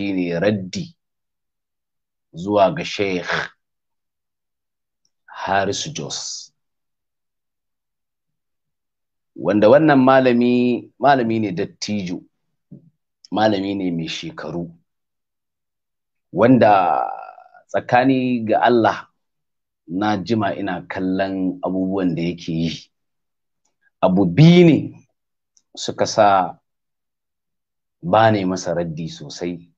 shine raddi zuwa ga sheikh Harisu Jos. Wanda wannan malami, malami ne dattijo, malami ne mai shekaru, wanda tsakani ga Allah na jima ina kallon abubuwan da yake yi. Abu biyu ne suka sa ba ne masa raddi sosai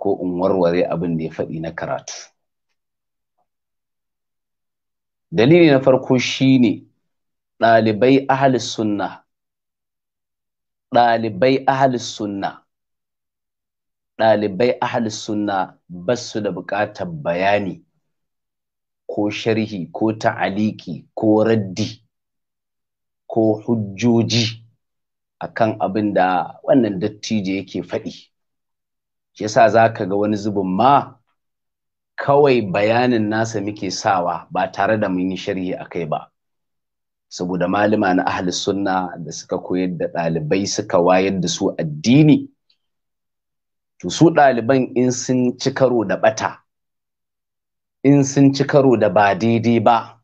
ko in warware abin da ya faɗi na karatu dalili na farko shine ɗalibai ahalis sunna ɗalibai ahalis sunna ɗalibai ahalis sunna ba su da buƙatar bayani ko sharhi ko ta'aliki ko raddi ko hujjoji akan abin da wannan dattijo yake faɗi shi yasa za ka ga wani zubin ma kawai bayanin nasa muke sawa ba tare da mun yi sharhi a kai ba saboda malama na ahli sunna da suka koyar da ɗalibai suka wayar da su addini to su ɗaliban in sun ci karo da ɓata in sun ci karo da ba daidai ba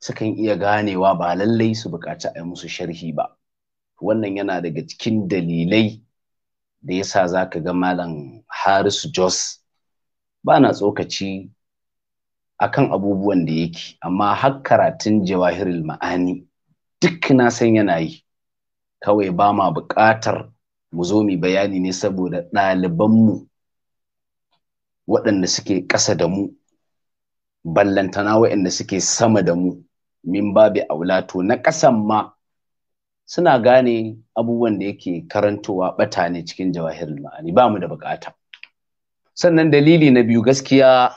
sukan iya ganewa ba lallai su bukaci a yi musu sharhi ba wannan yana daga cikin dalilai da yasa za ka ga malam harisu jos ba na tsokaci a kan abubuwan da yake amma har karatun jawahirul ma'ani duk na san yana yi kawai ba ma buƙatar mu zo mu bayani ne saboda ɗalibanmu waɗanda suke ƙasa da mu ballantana waɗanda suke sama da mu min babi aulato na ƙasan ma suna gane abubuwan da yake karantowa bata ne cikin jawahirul ma'ani ba mu da bukata sannan dalili na biyu gaskiya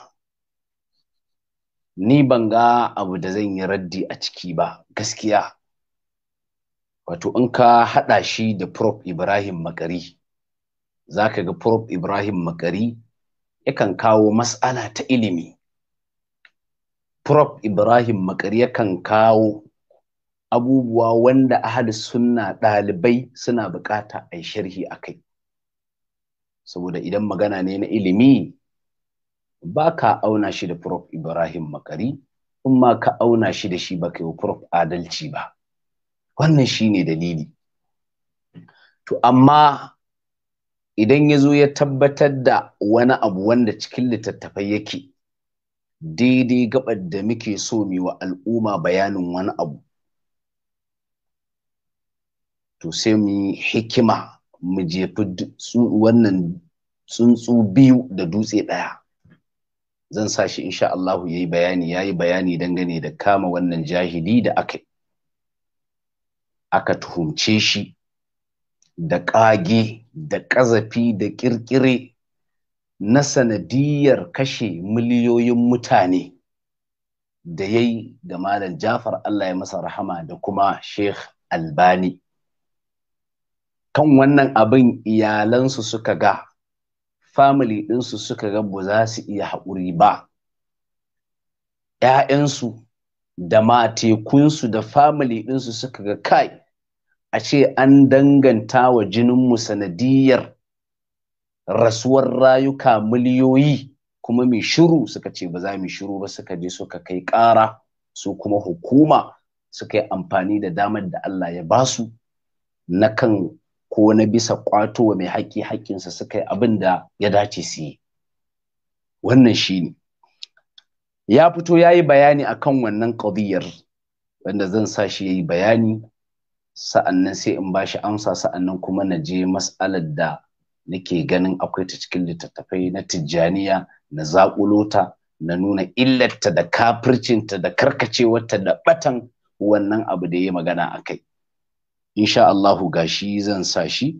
ni ban ga abu da zan yi raddi a ciki ba gaskiya wato in ka haɗa shi da prof ibrahim makari za ka ga prof ibrahim makari yakan kawo mas'ala ta ilimi prof ibrahim makari yakan kawo abubuwa wanda ahal sunna ɗalibai suna bukata a sharhi a kai saboda idan magana ne na ilimi ba ka auna shi da prof ibrahim makari in ma ka auna shi da shi ba ka yi prof adalci ba wannan shi ne dalili to amma idan ya zo ya tabbatar da wani abu wanda cikin littattafai yake daidai gabar da muke so mu wa al'umma bayanin wani abu to sai mu yi hikima mu jefi wannan tsuntsu biyu da dutse ɗaya zan sa shi insha Allahu ya yi bayani ya yi bayani dangane da kama wannan jahili da aka aka tuhumce shi da ƙage da ƙazafi da ƙirƙire na sanadiyar kashe miliyoyin mutane da ya yi ga Malam Jafar Allah ya masa rahama da kuma Sheikh Albani kan wannan abin iyalansu suka ga family ɗinsu suka ga ba za su iya haƙuri ba ‘ya'yansu da matekunsu da family ɗinsu suka ga kai a ce an danganta wa jininmu sanadiyar rasuwar rayuka miliyoyi kuma mai shiru suka ce ba za mu shiru ba suka je suka kai ƙara su kuma hukuma suka yi amfani da damar da Allah ya basu na kan ko na bisa ƙwato wa mai haƙƙi haƙƙinsa suka yi abin da ya dace su yi wannan shi ne ya fito ya yi bayani a kan wannan ƙadiyar wanda zan sa shi ya yi bayani sa'annan sai in ba shi amsa sa'annan kuma na je mas'alar da nake ganin akwai ta cikin littattafai na tijjaniya na zaƙulota na nuna illarta da kafircinta da karkacewarta da ɓatan wannan abu da ya yi magana a kai insha Allahu gashi zan sa shi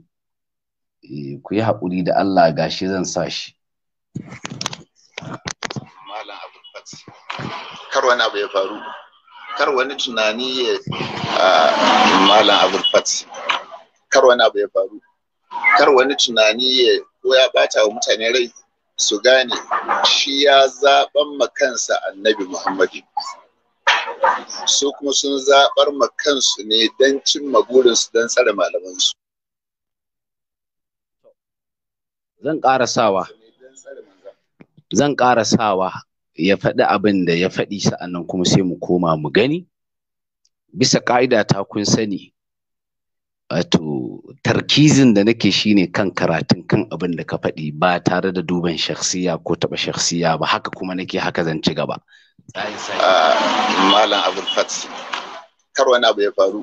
eh, ku yi haƙuri da Allah gashi zan sa shi malam kar wani abu ya faru kar wani tunani ya malam abulfat kar wani abu ya faru kar wani tunani ya ko ya bata wa mutane rai su gane shi ya zaɓan makansa kansa annabi muhammadu su kuma sun zaɓar ma kansu ne don cimma burinsu don tsare malamansu. Zan ƙara sawa. Zan ƙara sawa ya faɗi abin da ya faɗi sa'annan kuma sai mu koma mu gani. Bisa ƙa'ida ta kun sani, wato tarkizin da nake shi ne kan karatun kan abin da ka faɗi ba tare da duban shaksiya ko taɓa shaksiya ba haka kuma nake haka zan ci gaba. Ah, malam abul kar wani abu ya faru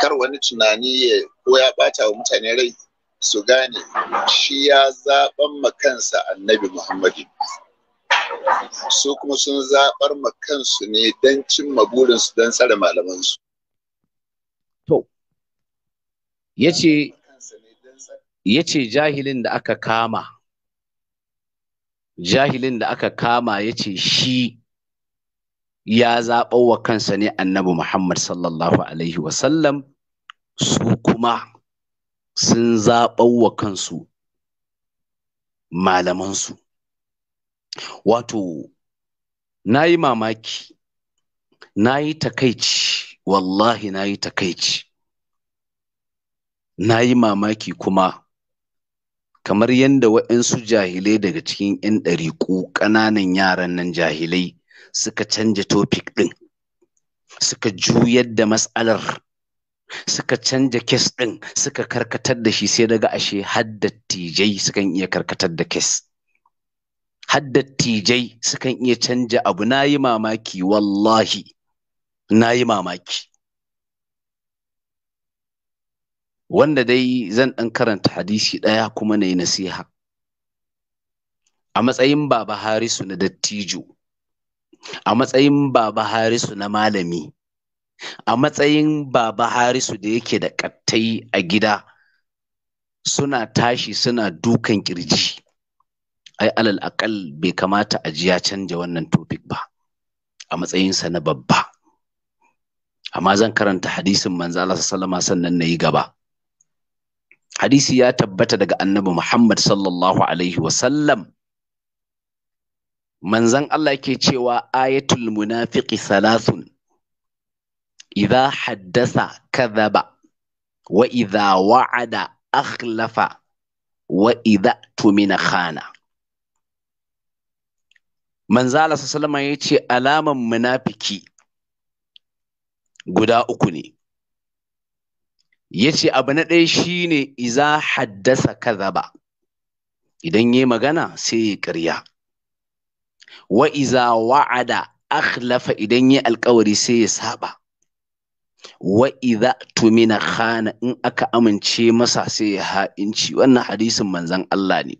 kar wani tunani ya ko ya bata wa mutane rai su gane shi ya zaɓan makansa annabi muhammadu su kuma sun zaɓar makansu ne don cimma burinsu don tsare malamansu to ya ce jahilin da aka kama jahilin da aka kama ya ce shi ya zaɓo wa kansa ne annabi Muhammad sallallahu alaihi wasallam su kuma sun zaɓo wa kansu malamansu wato na yi mamaki na yi takaici wallahi na yi takaici na yi mamaki kuma kamar yadda waɗansu jahilai daga cikin 'yan ɗariƙu ƙananan yaran nan jahilai suka canja topic ɗin suka juyar da matsalar suka canja kes ɗin suka karkatar da shi sai daga ashe haddattijai sukan iya karkatar da kes haddattijai sukan iya canja abu na yi mamaki wallahi na yi mamaki wanda dai zan ɗan karanta hadisi ɗaya kuma nayi nasiha a matsayin baba harisu na dattijo a matsayin baba harisu na malami a matsayin baba harisu da yake da kattai a gida suna tashi suna dukan kirji ai alal akal bai kamata a ji ya canja wannan topic ba a matsayinsa na babba amma zan karanta hadisin manzo Allah sallama sannan na yi gaba hadisi ya tabbata daga annabi Muhammad sallallahu alaihi wasallam manzan Allah ke cewa ayatul munafiqi salasun idza haddasa kadhaba wa idza wa'ada akhlafa wa idza tumina khana manzala sallama yace alaman munafiki guda uku ne yace abu na ɗaya shine iza haddasa kadhaba idan yayi magana sai ya ƙarya wa iza wa'ada akhlafa idan yi alkawari sai ya saba wa iza tumina khana in aka amince masa sai ya ha'inci wannan hadisin manzon Allah ne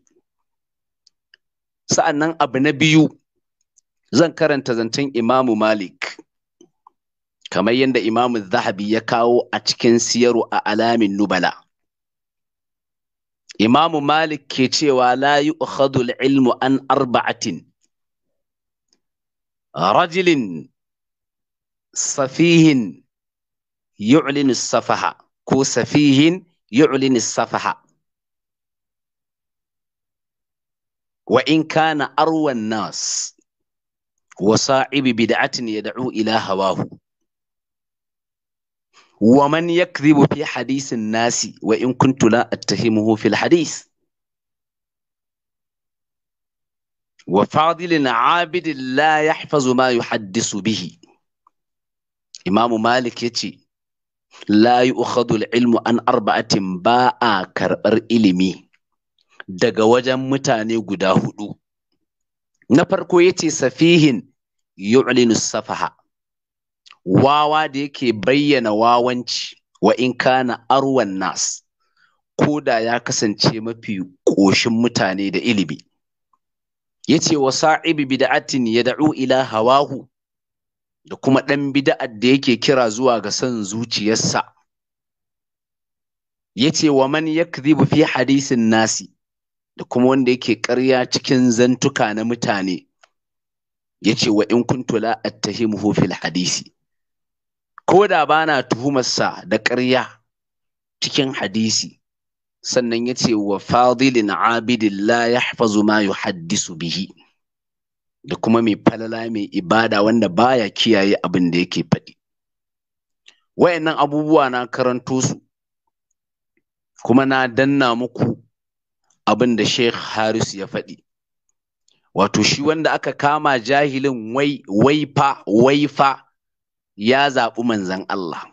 sa'annan abu na biyu zan karanta zancen imamu malik kamar yadda imamu zahabi ya kawo a cikin siyaru a alamin nubala imamu malik ke cewa la yu'khadhu ilmu an arba'atin رجل سفيه يعلن الصفحة كو سفيه يعلن الصفحة وإن كان أروى الناس وصاحب بدعة يدعو إلى هواه ومن يكذب في حديث الناس وإن كنت لا أتهمه في الحديث wa fadilin abidin la yahfazu ma yuhaddisu bihi imamu malik ya ce la yu'khadul ilmu an arba'atin ba a karɓar ilimi daga wajen mutane guda hudu na farko ya ce safihin yu'linu safaha wawa da yake bayyana wawanci wa in kana arwan nas ko da ya kasance mafi ƙoshin mutane da ilimi yace wa sa'ibi bid'atin yad'u ila hawahu da kuma dan bid'ar da yake kira zuwa ga son zuciyarsa yace wa man yakdhibu fi hadisin nasi da kuma wanda yake ƙarya cikin zantuka na mutane yace wa in kuntu la attahimuhu fil hadisi ko da bana tuhumarsa da ƙarya cikin hadisi sannan ya ce wa fadilin abidin la ya ma bihi da kuma mai falala mai ibada wanda baya kiyaye abin da yake faɗi wayannan abubuwa na karanto su kuma na danna muku abin da Sheikh Haris ya faɗi wato shi wanda aka kama jahilin wai wai ya zaɓi manzan Allah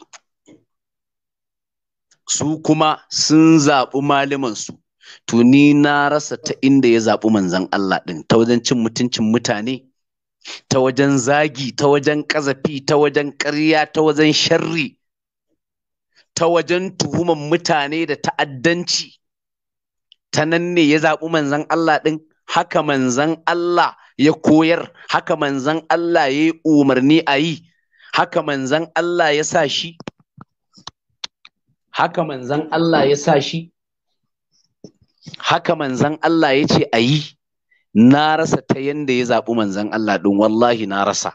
su kuma sun zaɓi malamansu. to ni na rasa ta inda ya zaɓi manzan Allah ɗin ta wajen cin mutuncin mutane ta wajen zagi ta wajen ƙazafi ta wajen ƙarya ta wajen sharri ta wajen tuhuman mutane da ta'addanci ta nan ne ya zaɓi manzan Allah ɗin haka manzan Allah ya koyar haka manzan Allah ya yi umarni a yi haka manzan Allah ya sa shi haka manzan Allah ya sa shi haka manzan Allah ya ce a yi na rasa ta yanda ya zaɓi manzan Allah ɗin wallahi na rasa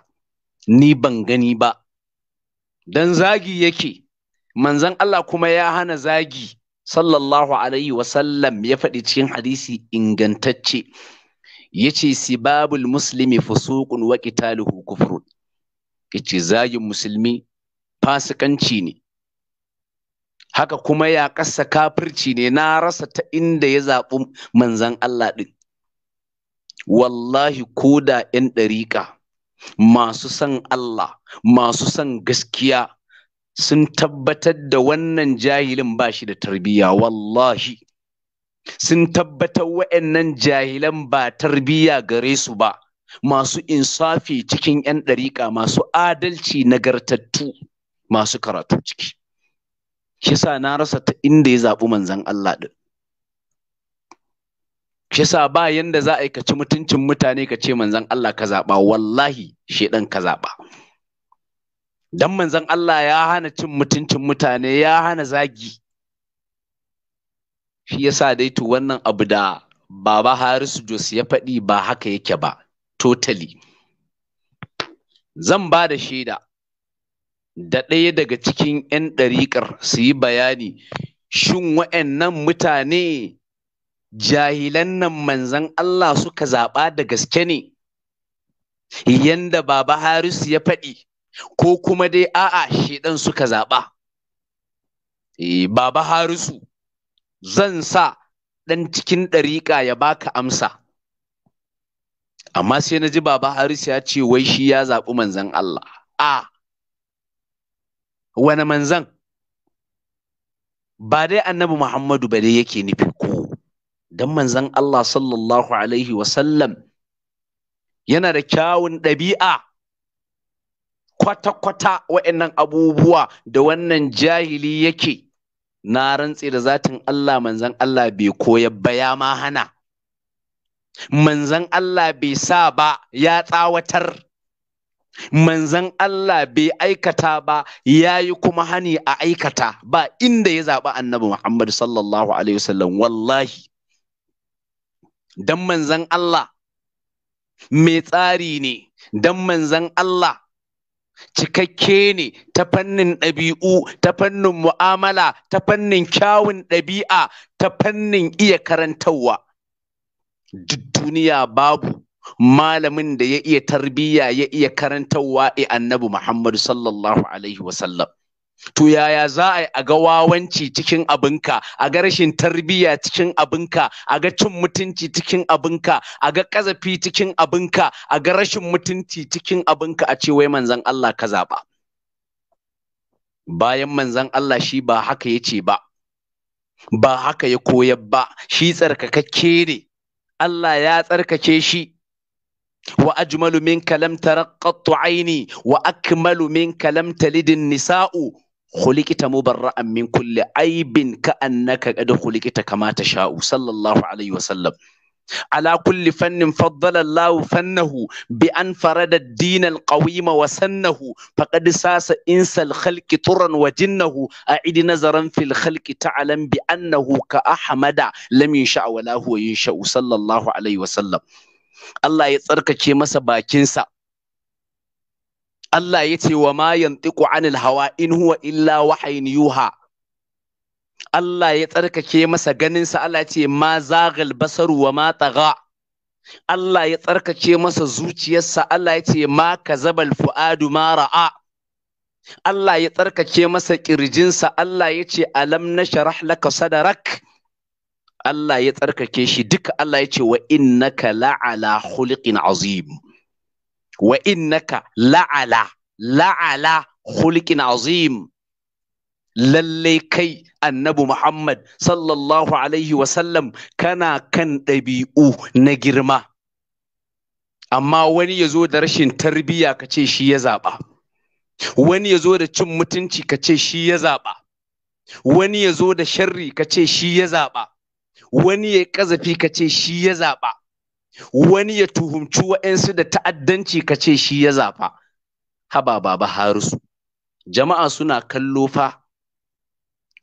ni ban gani ba dan zagi yake manzan Allah kuma ya hana zagi sallallahu alaihi wasallam ya faɗi cikin hadisi ingantacce ya ce sibabul muslimi fusuqun wa qitaluhu kufrun yace zagin musulmi fasikanci ne haka kuma ya ƙasa kafirci ne na rasa ta inda ya zaɓi manzan Allah ɗin wallahi ko da 'yan ɗariƙa masu son Allah masu son gaskiya sun tabbatar da wannan jahilin ba shi da tarbiyya wallahi sun tabbatar wa'annan jahilan ba tarbiyya gare su ba masu insafi cikin 'yan ɗariƙa masu adalci nagartattu masu karatu ciki Shiyasa na rasa ta inda ya zaɓi manzon Allah ɗin. Shiyasa ba yanda za a yi ci mutuncin mutane ka ce manzon Allah ka zaɓa wallahi ɗan ka zaɓa. Don manzon Allah ya hana cin mutuncin mutane ya hana zagi. Shi yasa dai daitu wannan abu da Baba Harisu Jos ya faɗi ba haka yake ba, totally. Zan ba da shaida da ɗaya daga cikin 'yan ɗariƙar su yi bayani shin wa'annan mutane jahilan nan manzan Allah suka zaɓa da gaske ne yanda baba Harisu ya faɗi ko kuma dai a'a shiɗan suka zaɓa eh, baba Harisu zan sa ɗan cikin ɗariƙa ya baka amsa amma sai na ji baba Harisu ya ce wai shi ya zaɓi manzan Allah a wani manzan ba dai annabi muhammadu ba dai yake nufi ko dan manzan Allah sallallahu alaihi wasallam yana da kyawun ɗabi'a kwata-kwata wa'annan abubuwa da wannan jahili yake na rantse da zatin Allah manzan Allah bai koya ba ma hana manzan Allah bai sa ba ya tsawatar manzan Allah bai aikata ba ya yi kuma hani a aikata ba inda ya zaɓi annabi Muhammad sallallahu alaihi wasallam wallahi dan manzan Allah mai tsari ne dan manzan Allah cikakke ne ta fannin ɗabi'u ta fannin mu'amala ta fannin kyawun ɗabi'a ta fannin iya karantarwa duk duniya babu malamin da ya iya tarbiyya ya iya karantarwa a e annabi Muhammadu sallallahu alaihi wasallam to yaya za a yi a ga wawanci cikin abinka a ga rashin tarbiyya cikin abinka a ga cin mutunci cikin abinka a ga kazafi cikin abinka a ga rashin mutunci cikin abinka a ce wai manzan Allah ka zaɓa. bayan manzon Allah shi ba haka ya ce ba ba haka ya koyar ba shi tsarkakakke ne Allah ya tsarkake shi wa ajmalu minka lam taraqqattu aini wa akmalu minka lam talidin nisa'u khuliqita mubarra'an min kulli aibin ka annaka qad khuliqita kama tasha'u sallallahu alaihi wa sallam على كل فن فضل الله فنه بأن فرد الدين القويم وسنه فقد ساس إنس الخلق طرا وجنه أعد نظرا في الخلق تعلم بأنه كأحمد لم ينشأ ولا هو ينشأ صلى الله عليه وسلم Allah ya tsarkake masa bakinsa Allah ya ce wa ma yantiqu anil hawa in huwa illa wahayin yuha Allah ya tsarkake masa ganinsa Allah ya ce ma zagal basaru wa ma taga Allah ya tsarkake masa zuciyarsa Allah ya ce ma kazabal fuadu ma ra'a Allah ya tsarkake masa kirjinsa Allah ya ce alam nashrah laka sadarak Allah ya tsarkake shi duka Allah ya ce wa innaka la'ala khuliqin azim wa innaka la'ala la'ala khuliqin azim lalle kai annabi Muhammad sallallahu alaihi sallam kana kan ɗabi'u na girma amma wani ya zo da rashin tarbiyya ka ce shi ya zaɓa wani ya zo da cin mutunci ka ce shi ya zaɓa wani ya zo da sharri ka ce shi ya zaɓa wani ya ƙazafi ka ce shi ya zaɓa wani ya tuhumci wa'yansu da ta'addanci ka ce shi ya zaɓa haba baba harisu jama'a suna kallo fa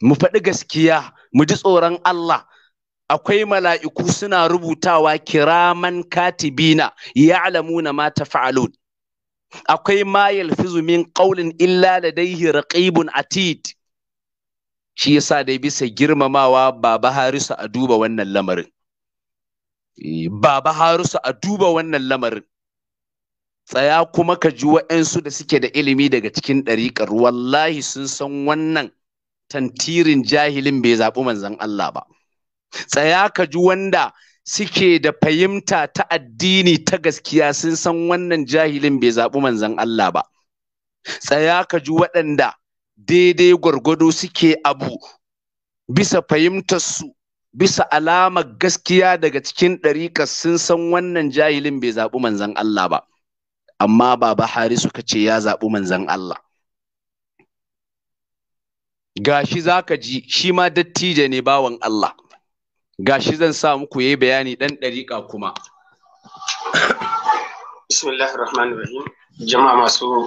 mu faɗi gaskiya mu ji tsoron Allah akwai mala'iku suna rubutawa kiraman katibina na ma tafa'alun akwai ma yalfizu min qawlin illa ladayhi raqibun atid shi yasa dai bisa girmamawa baba harisu a duba wannan lamarin eh, baba harisu a duba wannan lamarin tsaya kuma ka ji wa'yansu da suke da ilimi daga cikin ɗariƙar wallahi sun san wannan tantirin jahilin bai zaɓi manzan Allah ba tsaya ka ji wanda suke da fahimta ta addini ta gaskiya sun san wannan jahilin bai zaɓi manzan Allah ba tsaya ka ji waɗanda daidai gwargwado suke abu bisa fahimtar su bisa alamar gaskiya daga cikin ɗariƙar sun san wannan jahilin bai zaɓi manzan Allah ba amma baba bahari suka ce ya zaɓi manzan Allah gashi ka ji shi ma dattijo ne bawan Allah gashi zan sa muku yayi bayani ɗan ɗarika kuma Bismillahir Rahmanir Rahim. Jama'a masu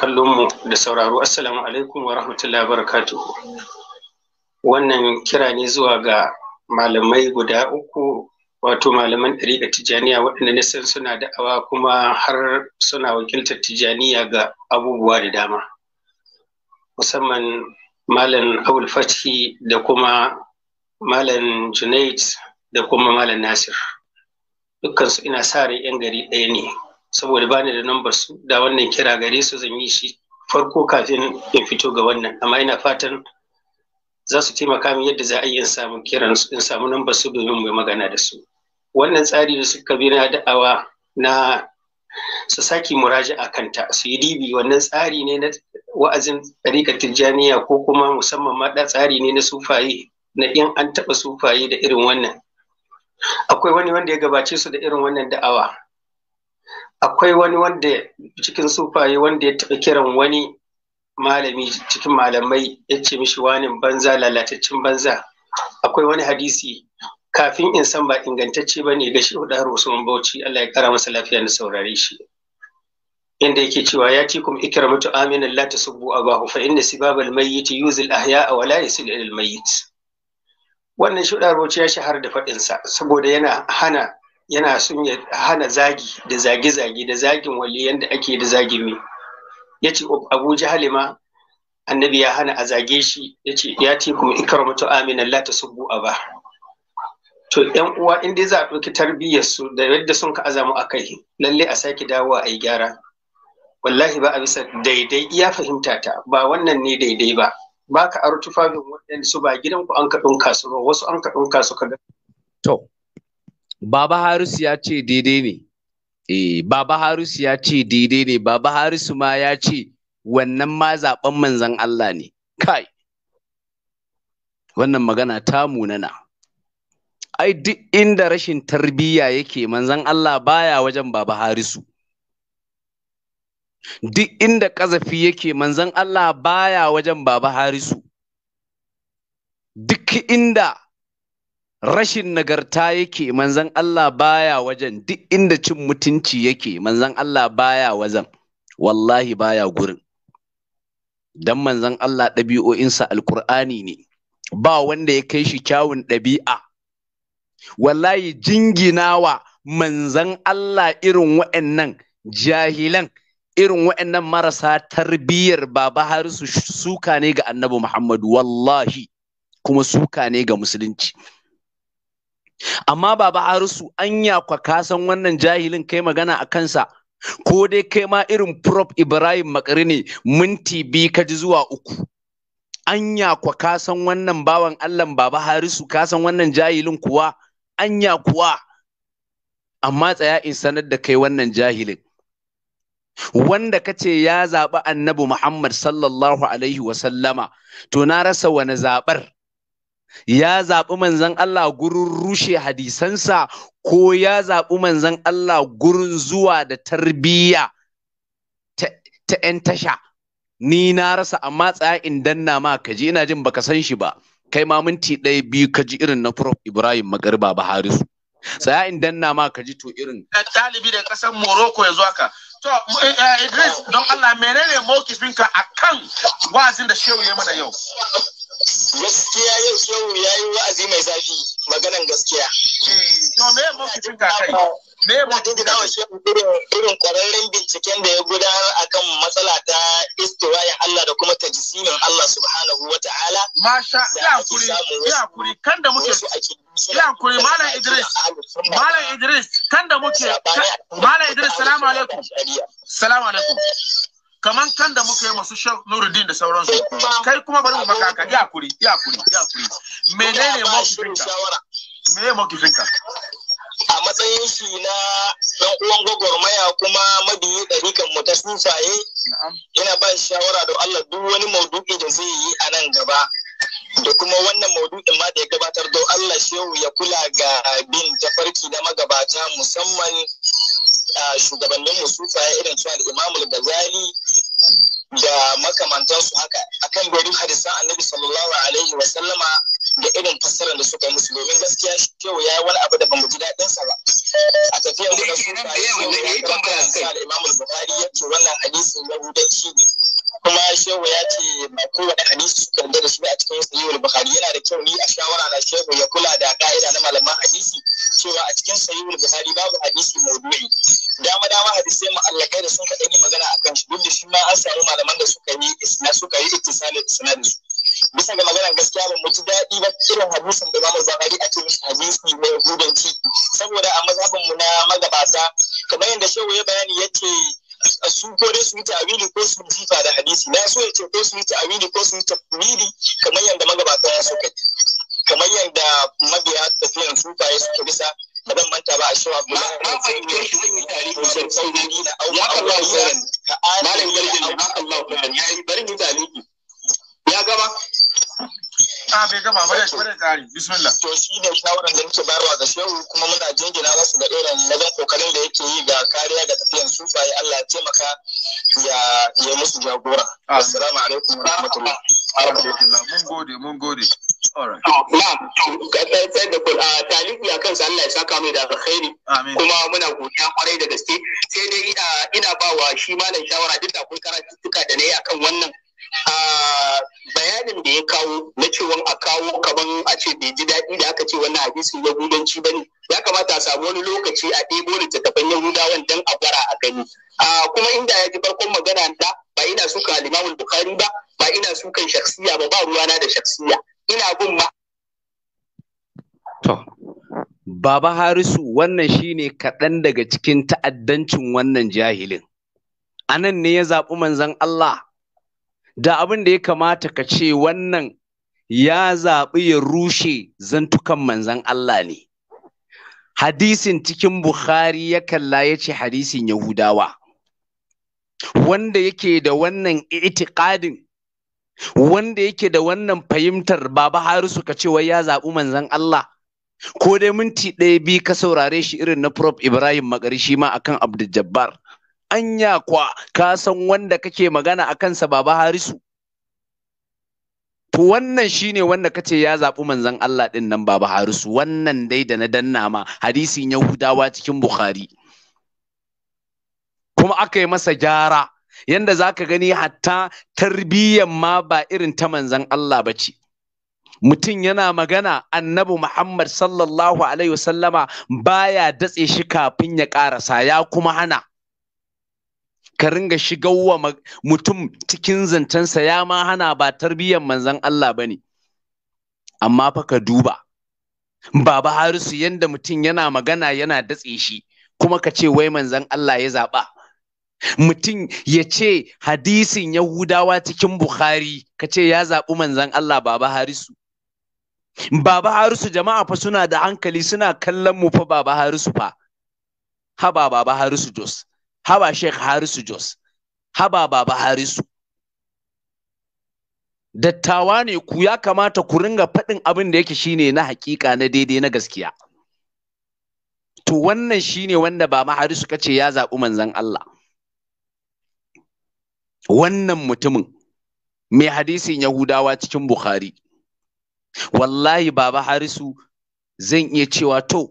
kallon mu da sauraro Assalamu alaikum wa rahmatullahi barakatuh. Wannan kira ne zuwa ga malamai guda uku wato malaman ɗariƙa Tijjaniya waɗanda na san suna awa, kuma har suna wakiltar Tijaniya ga abubuwa da dama. Musamman Malam Abul Fathi da kuma Malam Junaid da kuma Malam Nasir. Dukkansu ina sa rai 'yan gari ɗaya ne saboda bani da nambar su da wannan kira gare su zan yi shi farko kafin in fito ga wannan amma ina fatan za su taimaka min yadda za a yi in samu kiran su in samu nambar su domin mu magana da su wannan tsari da suka bi na da'awa na su saki muraji a kanta su yi dibi wannan tsari ne na wa'azin ɗarikar tijjaniya ko kuma musamman ma tsari ne na sufaye na in an taɓa sufaye da irin wannan akwai wani wanda ya gabace su da irin wannan da'awa akwai wani wanda cikin sufaye wanda ya taɓa kiran wani malami cikin malamai ya ce mishi wani banza lalataccen banza akwai wani hadisi kafin in san ba ingantacce ba ne ga shi har wasu bauchi allah ya kara masa lafiya na saurare shi inda yake cewa ya ci kuma mutu aminan la tasubbu abahu fa inna yi mayyit yuzil ahya a wala ya ila mayyit wannan shi wasu ya shahara da faɗinsa saboda yana hana yana son ya hana zagi da zage-zage da zagin waliyan da ake da zagin mai ya ce abu jahali ma annabi ya hana a zage shi ya ce ya ce kuma ikar mutu aminan la a ba. to yan uwa in dai za a ɗauki tarbiyyar su da yadda sun ka azamu a kai lalle a sake dawowa a yi gyara wallahi ba a bisa daidai iya fahimta ta ba wannan ne daidai ba ba ka aro tufafin waɗansu ba gidan an ka ɗunka su ba wasu an ka su ka ga to Baba Harisu ya ce daidai ne. Eh, Baba Harisu ya ce daidai ne, Baba Harisu ma ya ce wannan ma zaɓen manzan Allah ne. Kai, wannan magana ta munana. Ai, duk inda rashin tarbiyya yake manzan Allah baya wajen Baba Harisu. Duk inda ƙazafi yake manzan Allah baya wajen Baba Harisu. Duk inda rashin nagarta yake manzan Allah baya wajen duk inda cin mutunci yake manzan Allah baya wajen wallahi baya gurin dan manzan Allah ɗabi'o'insa alkur'ani ne ba wanda ya kai shi kyawun ɗabi'a wallahi jinginawa manzan Allah irin wa'annan jahilan irin wa'annan marasa tarbiyyar baba harisu suka ne ga annabi Muhammadu wallahi kuma suka ne ga musulunci amma baba arusu anya kwa ka wannan jahilin kai magana a kansa ko dai kai ma irin prof ibrahim makari ne minti biyu ka zuwa uku anya kwa ka san wannan bawan allah baba harisu ka wannan jahilin kuwa anya kuwa amma tsaya in sanar da kai wannan jahilin wanda ka ce ya zaɓi annabi muhammad sallallahu alaihi wasallama to na rasa wani zaɓar ya zaɓi manzan Allah gurin rushe hadisansa ko ya zaɓi manzan Allah gurin zuwa da tarbiyya ta ‘yan tasha ni na rasa amma tsaya in danna ma kaji ina jin baka san shi ba kai ma minti ɗaya biyu kaji irin na Prof Ibrahim Magarba ba Harisu tsaya in danna ma kaji to irin ɗalibi da ƙasar Morocco ya zo ka. to eh, eh, Idris don Allah menene mokifinka kan wazin da shehu ya mana yau gaskiya yau shehu ya yi wa'azi mai zafi maganan gaskiya. Eh, to me yamma ki cinka kai? Me yamma ki cinka kai? shehu irin kwararren binciken da ya gudanar akan matsala ta istuwa ya Allah da kuma tajisimin Allah subhanahu wa ta'ala. Masha ya kuri ya kuri kan da muke ya kuri malam Idris malam Idris kan da muke malam Idris salamu alaikum salamu alaikum kaman kan da muka yi masu shek nuruddin da sauransu kai kuma bari mu makaka ya kuri ya kuri ya kuri menene mafitinka me mafitinka a matsayin shi na dan uwan gwagwarmaya kuma mabiyi ɗarikan mu ta sufaye ina ba shawara da Allah duk wani maudu'i da zai yi a nan gaba da kuma wannan maudu'in ma da ya gabatar don Allah shehu ya kula ga bin tafarki na magabata musamman shugabannin musufa irin su al-imamul ghazali da makamantansu haka akan bari hadisan annabi sallallahu alaihi wa sallama da irin fassarar da suka musu domin gaskiya shi kewa ya yi wani abu da bamu ji daɗin sa ba a tafiyar da su da imamu bukhari ya ce wannan hadisin yahudanci ne kuma shehu ya ce ba kowane hadisi suka yarda da shi a cikin sahihul bukhari yana da kyau ni a shawara na shehu ya kula da ka'ida na malaman hadisi cewa a cikin sahihul bukhari babu hadisi maudu'i dama dama hadisai allakai da sun kaɗan yi magana a kan shi duk da shi ma an samu malaman da suka yi isna suka yi ittisali isnadin su bisa ga maganar gaskiya ba mu ji daɗi ba irin hadisin da zamu zakari a cikin hadisi mai gudanci saboda a mazhabin mu na magabata kamar yadda shehu ya bayani yace su ko dai su yi ta'awili ko su jifa da hadisi na so ya ce ko su yi ta'awili ko su yi tafwili kamar yadda magabata ya so kai kamar yadda mabiya tafiyan sufaye suke bisa ba zan manta ba a shi abu na fahimce yi tarihi sai sai da ni na auku ya Allah khairan ka malam garjin ya Allah khairan ya yi bari ni tarihi ya gama a ah, bai gama ba da shi kare bismillah to shi ne shawaran da nake bayarwa ga shehu kuma muna jingina masu da irin nazar kokarin da yake yi ga kariya ga tafiyan sufaye Allah ya taimaka ya yi musu jagora assalamu alaikum wa rahmatullahi mun gode mun gode Tsayar da kula talibu ya kansa Allah ya saka mai da alkhairi kuma muna godiya kwarai da gaske sai dai ina ba wa shi malam shawara duk da kun karatuttuka da na yi akan wannan bayanin da ya kawo na cewa a kawo kaman a ce bai ji daɗi da aka ce wannan hadisin yahudanci ba ne ya kamata a samu wani lokaci a ɗebo littattafan yahudawan don a bara a gani kuma inda ya ji farkon magana da ba ina suka limamul bukhari ba ba ina sukan shaksiya ba ba ruwana da shaksiya ina bin ma. To, Baba Harisu wannan shi ne kaɗan daga cikin ta'addancin wannan jahilin. A nan ne ya zaɓi manzan Allah, da abin da ya kamata ka ce wannan ya zaɓi ya rushe zantukan manzan Allah ne. Hadisin cikin Bukhari ya kalla ya ce hadisin Yahudawa, wanda yake da wannan itiƙadin wanda yake da wannan fahimtar baba harisu ka ce wai ya zaɓi manzan Allah ko dai minti ɗaya bi ka saurare shi irin na prof ibrahim magari shi ma akan abdul jabbar anya kwa ka san wanda kake magana a kansa baba harisu to wannan shine wanda kace ya zaɓi manzan Allah ɗin nan baba harisu wannan dai da na danna ma hadisin yahudawa cikin bukhari kuma aka yi masa gyara yanda za ka gani hatta tarbiyyar ma ba irin ta manzan Allah ba ce mutum yana magana annabi Muhammad sallallahu alaihi wasallama baya datse shi kafin ya ƙarasa ya kuma hana ka ringa shigarwa mutum cikin zancensa ya ma hana ba tarbiyyar manzan Allah ba ne amma fa ka duba baba harisu yanda mutum yana magana yana datse shi kuma ka ce wai manzan Allah ya zaɓa mutum ya ce hadisin yahudawa cikin bukhari ka ce ya zaɓi manzan allah baba harisu baba harisu jama'a fa suna da hankali suna kallon mu fa baba harisu fa haba baba harisu jos haba sheikh harisu jos haba baba harisu dattawa ne ku ya kamata ku ringa faɗin abin da yake shine na hakika na daidai na gaskiya to wannan shine wanda ba maharisu kace ya zaɓi manzon Allah wannan mutumin mai hadisin yahudawa cikin bukhari wallahi baba harisu zan iya cewa to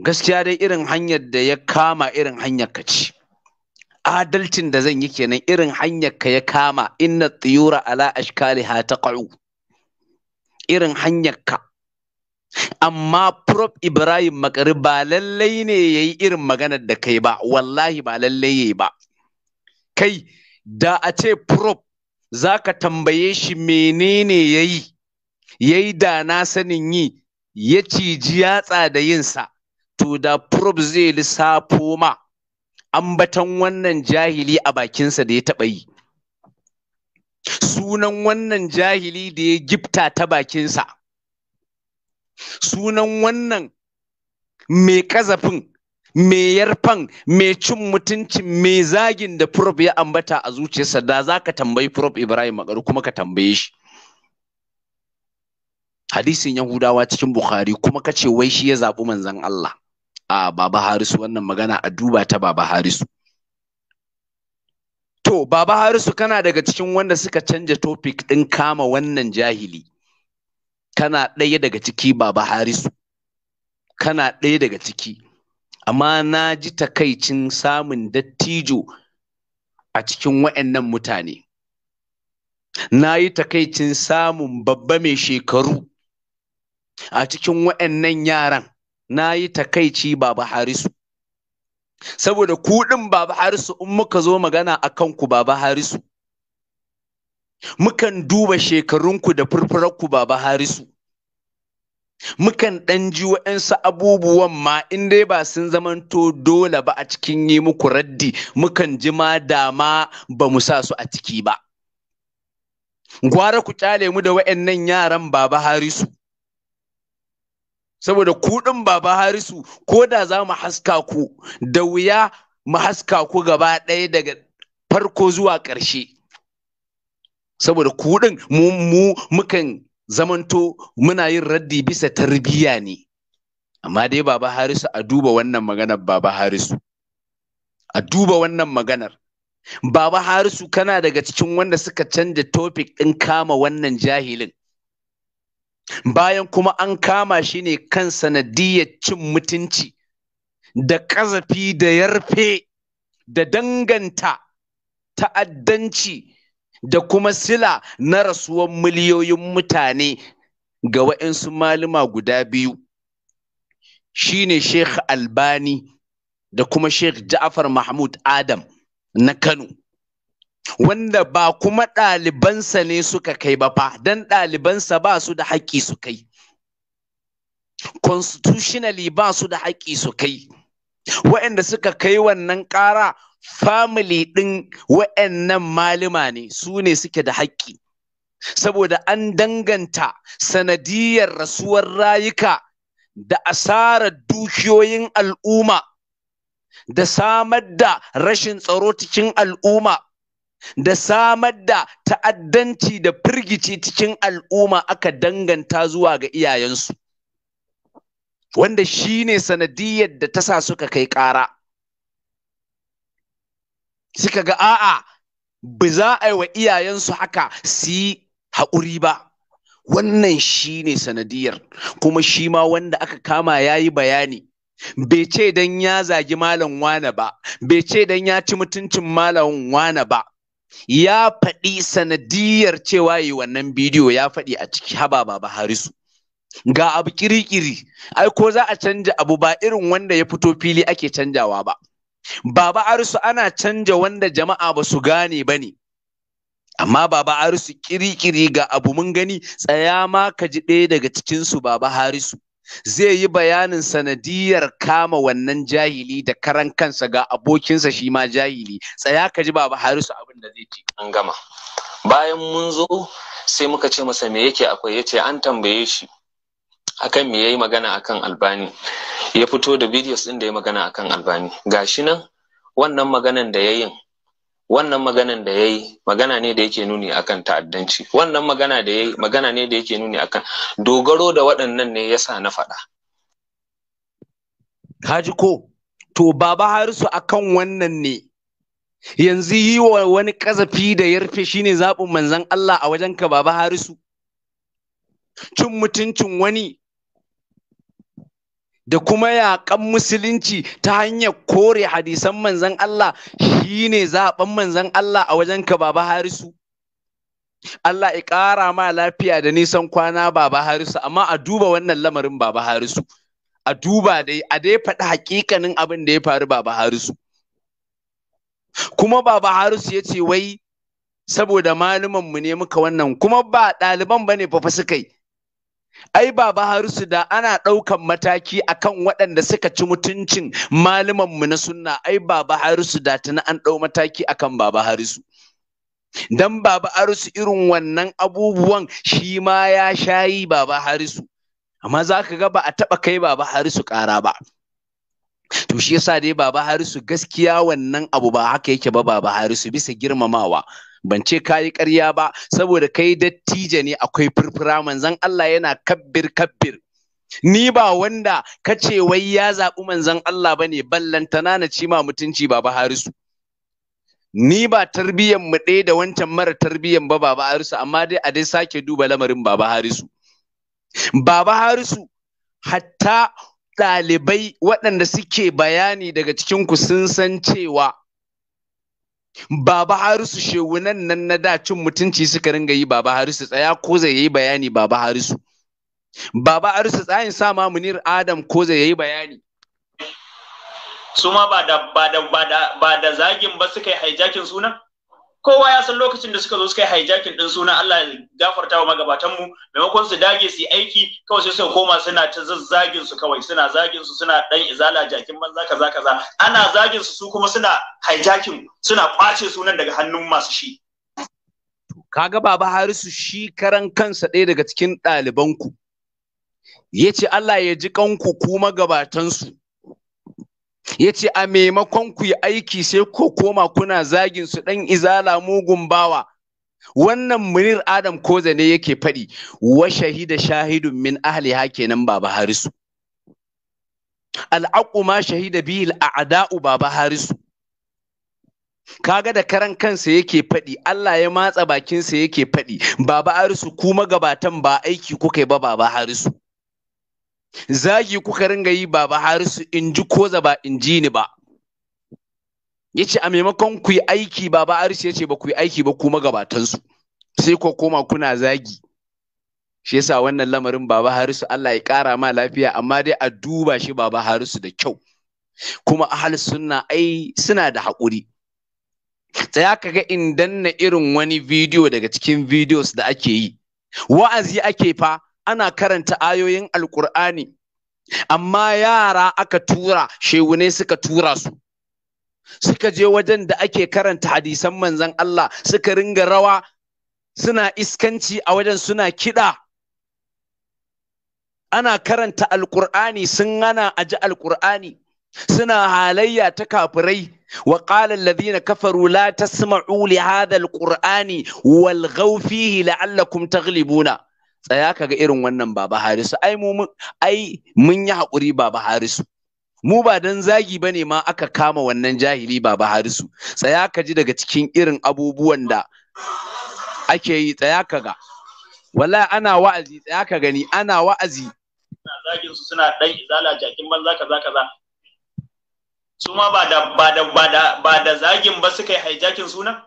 gaskiya dai irin hanyar da ya kama irin hanyar ka ce adalcin da zan yi kenan irin hanyar ka ya kama inna tsiyura ala ta ƙa'u. irin hanyar ka amma prof ibrahim makari ba lallai ne ya yi irin maganar da kai ba wallahi ba lallai yayi ba kai da a ce prop za ka tambaye shi menene ya yi ya yi da na sanin yi ya ciji yatsa da yinsa to da prop zai lissafo ma ambatan wannan jahili a bakinsa da ya taɓa yi sunan wannan jahili da ya gifta ta bakinsa sunan wannan mai kazafin me yarfan me cin mutuncin me zagin da prof ya ambata a zuciyarsa da za ka tambayi prof ibrahim makaru kuma ka tambaye shi hadisin yahudawa cikin bukhari kuma ka ce wai shi ya zaɓi manzan allah a baba harisu wannan magana a duba ta baba harisu to baba harisu kana daga cikin wanda suka canja topic ɗin kama wannan jahili kana ɗaya daga ciki baba harisu kana ɗaya daga ciki amma na ji takaicin samun dattijo a cikin wa'annan mutane na yi takaicin samun babba mai shekaru a cikin wa'annan yaran na yi takaici baba harisu saboda kuɗin baba harisu in muka zo magana a kanku baba harisu mukan duba shekarunku da furfurarku baba harisu mukan ɗan ji waɗansu abubuwan ma in dai ba sun zamanto dole ba a cikin yi muku raddi mukan ji ma dama ba mu sa su a ciki ba gwara ku ƙyale mu da waɗannan yaran baba harisu saboda kuɗin baba harisu ko da za mu haska ku da wuya mu haska ku gaba ɗaya daga farko zuwa ƙarshe saboda kuɗin mu mukan zamanto muna yin raddi bisa tarbiyya ne amma dai baba harisu a duba wannan maganar baba harisu a duba wannan maganar baba harisu kana daga cikin wanda suka canja topic ɗin kama wannan jahilin bayan kuma an kama shi ne kan sanadiyyar cin mutunci da ƙazafi da yarfe da danganta ta'addanci da kuma sila na rasuwan miliyoyin mutane ga wa'insu malama guda biyu shine Sheikh Albani da kuma Sheikh Ja'far Mahmud Adam na Kano wanda ba kuma ɗalibansa ne suka kai ba fa don ɗalibansa ba su da haƙƙi su kai constitutionally ba su da haƙƙi su kai waɗanda suka kai wannan ƙara family ɗin wa'annan malima ne su ne suke da haƙƙi saboda an danganta sanadiyar rasuwar rayuka da asarar dukiyoyin al'umma da samar da rashin tsaro cikin al'umma da samar da ta'addanci da firgici cikin al'umma aka danganta zuwa ga iyayensu wanda shi ne sanadiyar da ta sa suka kai ƙara suka ga a'a ba za a yi wa iyayensu haka su yi haƙuri ba wannan shi ne sanadiyar kuma shi ma wanda aka kama ya yi bayani bai ce don ya zagi malam wane ba bai ce don ya ci mutuncin malam wane ba ya faɗi sanadiyar cewa yi wannan bidiyo ya faɗi a ciki haba ba harisu ga abu kirikiri ai ko za a canja abu ba irin wanda ya fito fili ake canjawa ba baba Arusu ana canja wanda jama'a ba su gane ba ne amma baba harisu kiri-kiri ga abu mun gani tsaya ma ka ji ɗaya daga cikinsu baba harisu zai yi bayanin sanadiyar kama wannan jahili da karan kansa ga abokinsa shi ma jahili tsaya ka ji baba harisu abin da zai ce an gama bayan mun zo sai muka ce masa me yake akwai yace an tambaye shi akan me yayi magana akan albani ya fito da videos din da ya magana akan albani gashi nan wannan maganan da yi, wannan maganan da yayi magana ne da yake nuni akan ta'addanci wannan magana da yayi magana ne da yake nuni akan dogaro da waɗannan ne yasa na faɗa Haji ko to baba harisu akan wannan ne yanzu yi wa wani kazafi da yarfe shine zaɓin manzon Allah a wajenka baba harisu cin mutuncin wani da kuma yaƙan musulunci ta hanyar kore hadisan manzan Allah shi ne zaɓen manzan Allah a wajen ka baba harisu Allah ya ƙara ma lafiya da nisan kwana baba harisu amma a duba wannan lamarin baba harisu a duba dai a dai faɗi hakikanin abin da ya faru baba harisu kuma baba harisu ya ce wai saboda malumanmu ne muka wannan kuma ba ɗaliban ba ne fa suka yi ai baba harisu da ana ɗaukan mataki akan waɗanda suka ci mutuncin mu na sunna ai baba harisu da tuni an ɗau mataki akan baba harisu dan baba harisu irin wannan abubuwan shi ma ya shayi baba harisu amma za ka ga ba a taɓa kai baba harisu ƙara ba to shi yasa dai baba harisu gaskiya wannan abu ba haka yake ba baba harisu bisa girmamawa ban ce ka yi karya ba saboda kai dattija ne akwai furfura manzon Allah yana kabbir kabbir ni ba wanda ka ce wai ya zaɓi manzon Allah ba ne ballantana na cima mutunci baba Harisu ni ba tarbiyyar mu ɗaya da wancan mara tarbiyyar ba baba Harisu amma dai a dai sake duba lamarin baba Harisu baba Harisu hatta ɗalibai waɗanda suke bayani daga cikin ku sun san cewa Baba Harisu shewunan nan na da cin mutunci suka ringa yi Baba Harisu tsaya ko zai yi bayani Baba Harisu. Baba Harisu tsayin sa ma Munir Adam ko zai yi bayani. Suma ba da zagin ba suka yi jakin sunan? kowa ya san lokacin da suka zo suka yi hijacking din suna Allah ya gafarta wa magabatan mu maimakon su dage su yi aiki kawai sai suka koma suna ta zazzagin su kawai suna zagin su suna dan izala jakin banza kaza kaza ana zagin su su kuma suna hijacking suna kwace sunan daga hannun masu shi kaga baba Harisu shi karan kansa ɗaya daga cikin ɗaliban ku yace Allah ya ji kanku ku gabatan su ya ce a maimakon ku yi aiki sai ko koma kuna zagin su ɗan izala mugun bawa wannan munir adam ko Zane yake faɗi wa shahida shahidun min ha kenan baba harisu al'aqu ma shahida bihi al'ada'u baba harisu kaga da karan kansa yake faɗi Allah ya matsa bakinsa yake faɗi baba harisu kuma gabatan ba aiki kuka yi ba baba harisu zagi kuka ringa yi baba harisu in ji koza ba in ji ni ba ya ce a maimakon ku yi aiki baba harisu ya ce ba ku yi aiki ba kuma gabatansu sai ku koma kuna zagi shi yasa wannan lamarin baba harisu Allah ya ƙara ma lafiya amma dai a duba shi baba harisu da kyau kuma ahal sunna ai suna da haƙuri tsaya ka ga in danna irin wani bidiyo daga cikin videos da ake yi wa'azi ake fa ana karanta ayoyin alkur'ani amma yara aka tura shehune suka tura su suka je wajen da ake karanta hadisan manzan Allah suka ringa rawa suna iskanci a wajen suna kiɗa ana karanta alkur'ani sun hana a ji alkur'ani suna halayya ta kafirai wa qala alladhina kafaru la tasma'u li hadha alqur'ani wal fihi la'allakum taghlibuna tsaya ka ga irin wannan baba harisu ai mu ai mun yi haƙuri baba harisu mu ba dan zagi bane ma aka kama wannan jahili baba harisu tsaya ka ji daga cikin irin abubuwan da ake yi tsaya ka ga. wallahi ana wa'azi tsaya ka gani ana wa'azi suna zagin su suna dan izala jakin banza kaza kaza su ma ba da ba da ba da zagin ba suka yi hijakin sunan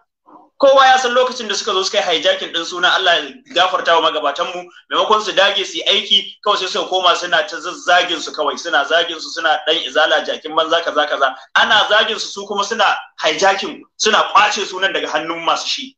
kowa ya san lokacin da suka zo suka yi hijacking din suna Allah ya gafarta wa magabatan mu maimakon su dage su aiki kawai sai suka koma suna ta zazzagin su kawai suna zagin su suna dan izala jakin banza kaza kaza ana zagin su su kuma suna hijacking suna kwace sunan daga hannun masu shi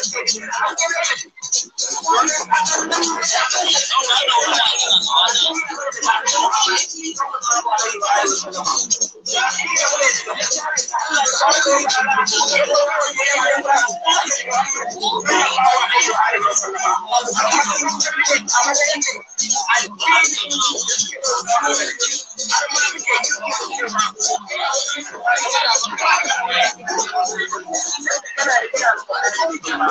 I'm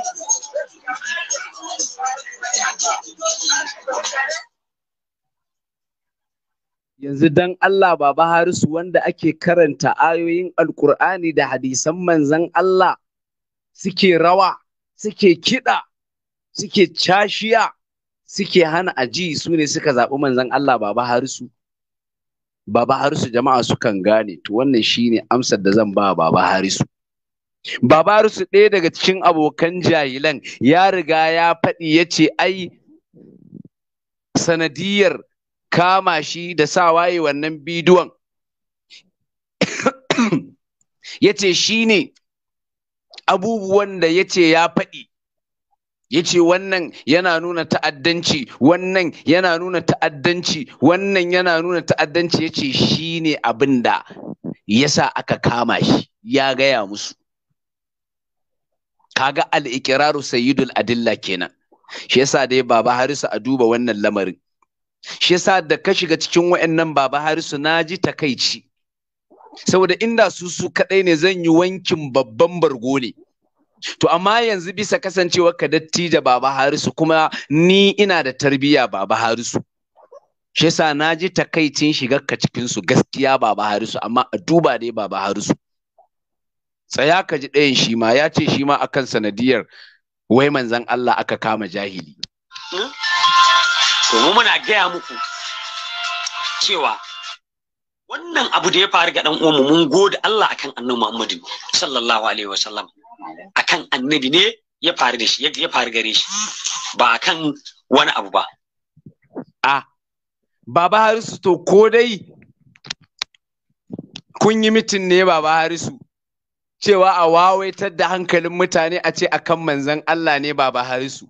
yanzu dan Allah Baba Harisu wanda ake karanta ayoyin Alƙur'ani da hadisan manzan Allah suke rawa, suke kiɗa, suke cashiya, suke hana aji su ne suka zaɓi manzan Allah Baba Harisu. Baba Harisu jama'a sukan gane, to wannan shine amsar da zan ba Baba Harisu. Baba Harisu ɗaya daga cikin abokan jahilan ya riga ya faɗi ya ce ai sanadiyar kama shi da sa waye wannan bidiyon ya ce shi abubuwan da yace ya faɗi yace wannan yana nuna ta'addanci wannan yana nuna ta'addanci wannan yana nuna ta'addanci ya ce shi ne abin da ya sa aka kama shi ya gaya musu kaga al'ikiraru sayyidul adilla kenan shi yasa dai baba harisu a duba wannan lamarin shi yasa da ka shiga cikin wa'annan baba harisu na ji takaici saboda inda su su kaɗai ne zan yi wankin babban bargo ne to amma yanzu bisa kasancewa ka dattija baba harisu kuma ni ina da tarbiyya baba harisu shi yasa na ji takaicin shigar ka cikin su gaskiya baba harisu amma a duba dai baba harisu tsaya ka ji ɗayan shi ma ya shi ma akan sanadiyar wai manzan Allah aka kama jahili hmm? to mu muna gaya muku cewa wannan abu da ya faru ga dan uwanmu mun gode Allah akan annabi Muhammadu sallallahu alaihi wasallam akan annabi ne ya faru da shi ya faru gare shi ba akan wani abu ba a baba harisu to ko dai kun yi mitin ne baba harisu cewa a wawaitar da hankalin mutane a ce akan manzon Allah ne baba harisu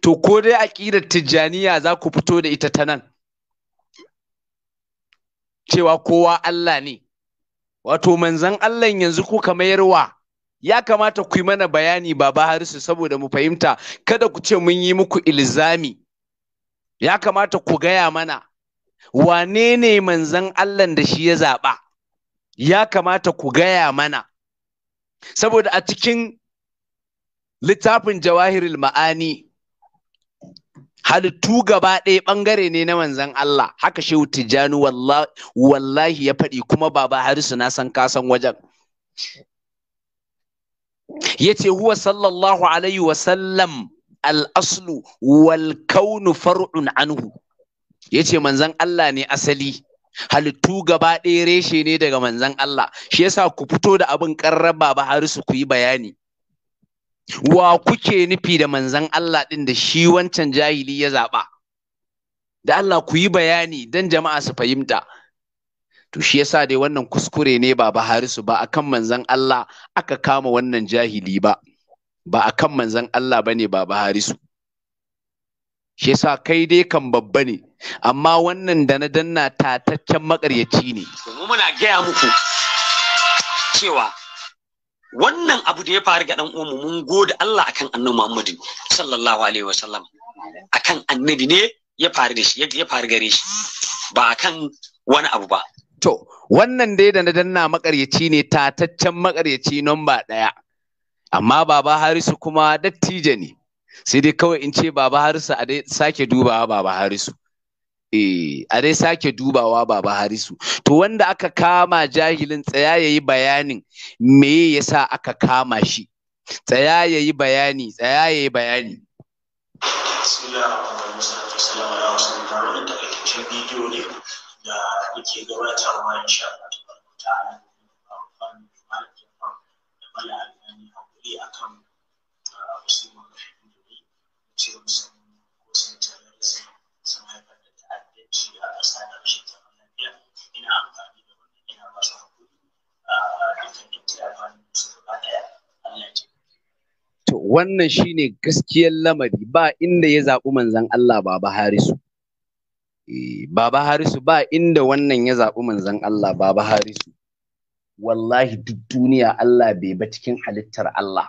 to ko dai aƙidar tijjaniya za ku fito da ita ta nan cewa kowa Allah ne wato manzan Allah yanzu kuka mayarwa ya kamata ku yi mana bayani baba harisu saboda mu fahimta kada ku ce mun yi muku ilzami ya kamata ku gaya mana wane ne manzan Allah da shi ya zaɓa ya kamata ku gaya mana saboda a cikin littafin jawahirul ma'ani halittu gaba ɗaya ɓangare ne na manzan Allah haka shehu tijjani wallahi ya faɗi kuma baba harisu na san kasan wajen ya ce huwa sallallahu alaihi wasallam al'aslu wal kaunu far'un anhu ya ce manzan Allah ne asali halittu gaba ɗaya reshe ne daga manzan Allah shi yasa ku fito da abin ƙarraba ba harisu ku yi bayani wa kuke nufi da manzan Allah ɗin da shi wancan jahili ya zaɓa da Allah ku yi bayani don jama'a su fahimta to shi yasa dai wannan kuskure ne ba Harisu ba akan manzan Allah aka kama wannan jahili ba ba akan manzan Allah bane ba Harisu. shi yasa kai dai kan babba ne amma wannan da na danna tataccen makaryaci ne mu muna gaya muku cewa wannan abu da ya faru ga dan uwanmu mun gode Allah akan annabi Muhammadu sallallahu alaihi wasallam akan annabi ne ya faru da shi ya faru gare shi ba akan wani abu ba to wannan dai da na danna makaryaci ne tataccen makaryaci namba ɗaya amma baba Harisu kuma dattijo ne sai dai kawai in ce baba Harisu a dai sake dubawa baba Harisu Eh, a dai sake dubawa ba harisu to wanda aka kama jahilin tsaya ya yi bayanin me yasa aka kama shi tsaya ya yi bayani tsaya ya yi bayani bidiyo ne da gabatarwa insha Allah To wannan shine gaskiyar lamari ba inda ya zaɓi manzan Allah Baba Harisu. Eh, Baba Harisu ba inda wannan ya zaɓi manzan Allah Baba Harisu. Wallahi duk duniya Allah bai ba cikin halittar Allah.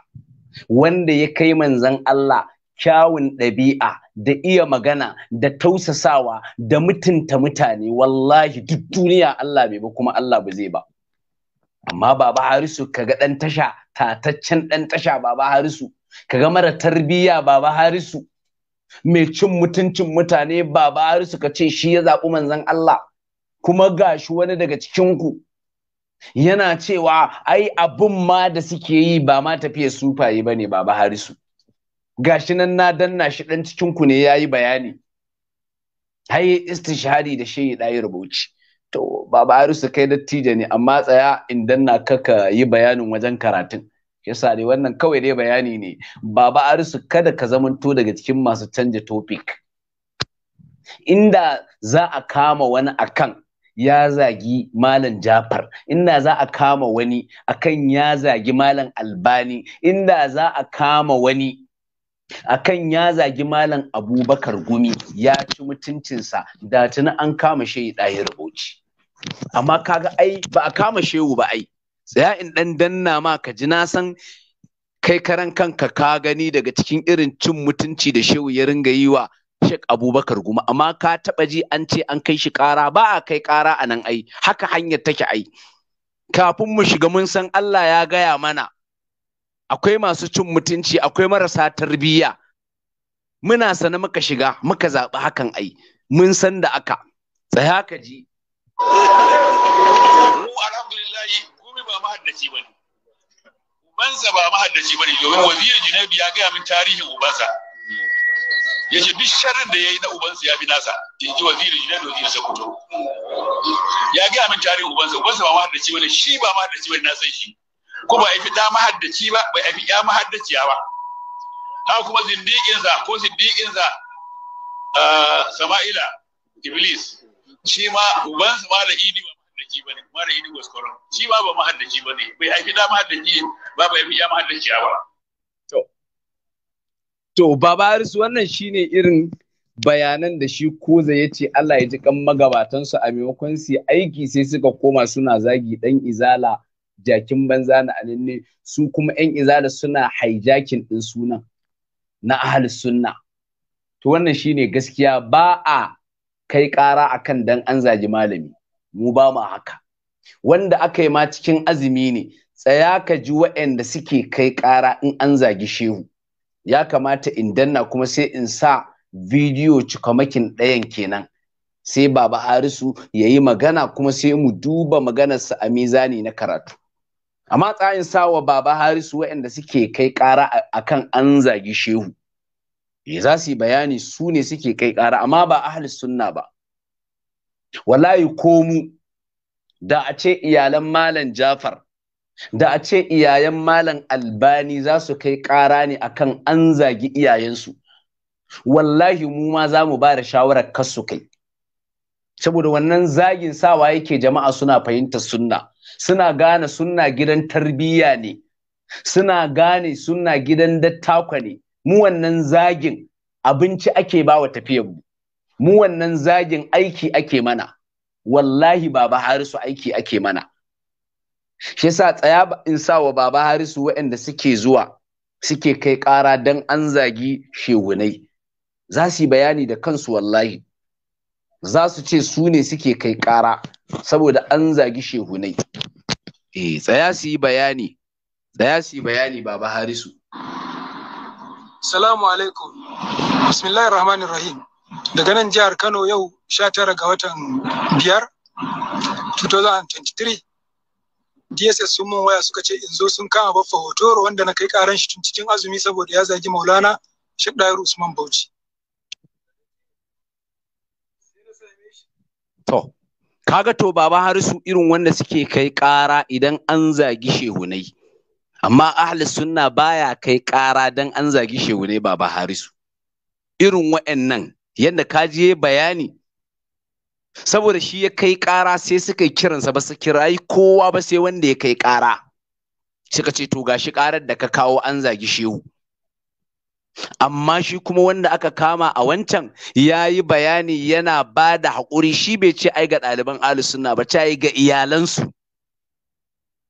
Wanda ya kai manzan Allah kyawun ɗabi'a da iya magana da tausasawa da mutunta mutane wallahi duk duniya Allah bai ba kuma Allah ba zai ba. amma baba harisu kaga dan tasha tataccen dan tasha baba harisu kaga mara tarbiyya baba harisu mai cin mutuncin mutane baba harisu ka ce shi ya zaɓi manzan Allah kuma gashi wani daga cikin ku yana cewa ai abun ma da suke yi ba ma tafiya sufaye ba ne baba harisu gashi nan na danna shi dan cikin ku ne yayi bayani haye istishari da shehi ɗaya rubuci to baba su kai dattijo ne amma tsaya idan na kaka yi bayanin wajen karatun yasa dai wannan kawai dai bayani ne baba su kada ka zamanto daga cikin masu canja topic inda za a kama wani akan ya zagi malam jafar inda za a kama wani akan ya zagi malam albani inda za a kama wani akan ya zagi malam abubakar gumi ya ci mutuncinsa da tuni an kama shi ɗahir rubuci. amma kaga ai ba a kama shehu ba ai tsaya in dan danna ma ka ji na san kai karan kanka ka gani daga cikin irin cin mutunci da shehu ya ringa yi wa Sheikh Abubakar Guma amma ka taba ji an ce an kai shi kara ba a kai kara a nan ai haka hanyar take ai kafin mu shiga mun san Allah ya gaya mana akwai masu cin mutunci akwai marasa tarbiyya muna sane muka shiga muka zaɓi hakan ai mun san da aka tsaya ka ji mu alhamdulillah gumi ba mahaddaci bane ubansa ba mahaddaci bane domin wazirin junabi ya gaya min tarihin ubansa ya ce duk sharrin da ya yi na ubansa ya fi nasa ya ji wazirin junabi wazirin sakuto ya gaya min tarihin ubansa ubansa ba mahaddaci bane shi ba mahaddaci bane na san shi ko ba aifi da mahaddaci ba bai aifi ya mahaddaciya ba haka kuma sa ko sa ah, sama'ila iblis shi ma ubansa ma da idi ba mahaddaci bane ma da idi koron. shi ma ba mahaddaci bane bai haifi da mahaddaci ba bai haifi ya mahaddaci ba to to baba Harisu wannan shine irin bayanan da shi koza ya ce Allah ya ji kan magabatansu a maimakon su aiki sai suka koma suna zagi dan izala jakin banza na alinne su kuma yan izala suna hijacking din sunan na ahal sunna to wannan shine gaskiya ba a kai ƙara akan dan an zagi malami mu ba mu haka wanda aka yi ma cikin azumi ne tsaya ka ji waɗanda suke kai ƙara in an zagi shehu ya kamata in danna kuma sai in sa bidiyo cikamakin ɗayan kenan sai baba harisu ya yi magana kuma sai mu duba maganarsa a mizani na karatu amma tsayin sawa baba harisu waɗanda suke kai ƙara akan an zagi shehu za su yi bayani su ne suke kai ƙara amma ba ahli sunna ba wallahi komu, da a ce iyalan malam jafar da a ce iyayen malam albani za su kai ƙara ne akan an zagi iyayensu wallahi mu ma za mu ba da shawarar kar su kai saboda wannan zagin sawa yake jama'a suna fahimtar sunna suna gane sunna gidan tarbiyya ne suna gane sunna gidan dattakwa ne mu wannan zagin abinci ake ba wa tafiyar mu mu wannan zagin aiki ake mana wallahi baba harisu aiki ake mana shi yasa tsaya in sa wa baba harisu waɗanda suke zuwa suke kai ƙara don an zagi shehunai, za su yi bayani da kansu wallahi za su ce su ne suke kai ƙara saboda an zagi shehunai eh tsaya su yi bayani tsaya su yi bayani baba harisu Salamu alaikum. Bismillahir Rahmanir Rahim. Daga nan jihar Kano yau 19 ga watan biyar 2023. DSS sun mun waya suka ce in zo sun kama baffa hotoro wanda na kai karan shi tun cikin azumi saboda ya zagi Maulana Sheikh Dairu Usman Bauchi. To, kaga to baba harisu irin wanda suke kai kara idan an zagi shehunai. amma ahli sunna baya kai ƙara dan an zagi shehu ne baba harisu irin wa'annan yadda kaji ya bayani saboda shi ya kai ƙara sai suka kiransa ba su kirayi kowa ba sai wanda ya kai ƙara suka ce to gashi ƙarar da ka kawo an zagi shehu amma shi kuma wanda aka kama a wancan ya yi bayani yana ba da haƙuri shi bai ce ai ga ɗaliban ahli sunna ba ce ga iyalansu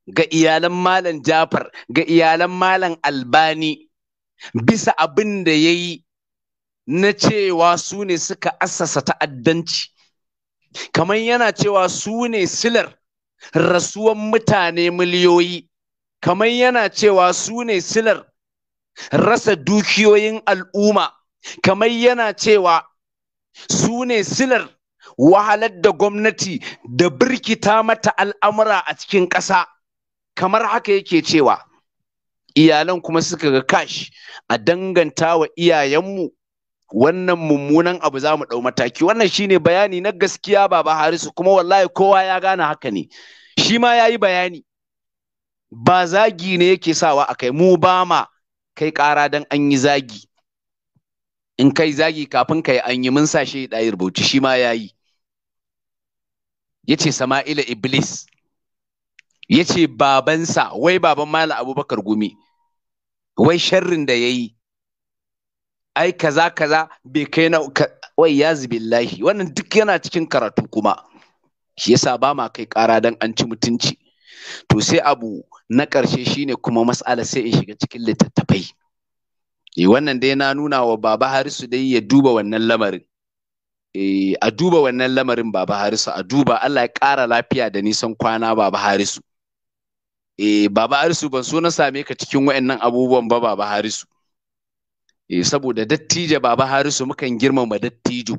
ga iyalan malam Jafar ga iyalan malam Albani bisa abin da ya yi na cewa su ne suka assasa ta'addanci kamar yana cewa su ne silar rasuwan mutane miliyoyi kamar yana cewa su ne silar rasa dukiyoyin al'umma kamar yana cewa su ne silar wahalar da gwamnati da birkita mata al'amura a cikin ƙasa kamar haka yake cewa iyalan kuma suka ga kashi a danganta wa iyayenmu wannan mummunan abu za mu ɗau mataki wannan shine bayani na gaskiya baba harisu kuma wallahi kowa ya gane haka ne shi ma ya yi bayani ba zagi ne yake sawa a kai mu ba ma kai ƙara don an yi zagi in kai zagi kafin kai an yi mun sa shi ɗayi rubuci shi ma ya yi ya ce sama'ila iblis ya ce babansa wai baban mala abubakar gumi wai sharrin da ya yi ai kaza kaza bai kai na wai ya billahi wannan duk yana cikin karatu kuma shi yasa ba ma kai kara don an ci mutunci to sai abu na ƙarshe shine kuma mas'ala sai in shiga cikin littattafai e wannan dai na nuna wa baba harisu dai ya duba wannan lamarin eh, a duba wannan lamarin baba harisu a duba Allah ya ƙara lafiya da nisan kwana baba harisu eh baba harisu ban so na same ka cikin wayannan abubuwan ba baba harisu eh saboda dattijo baba harisu mukan girmama dattijo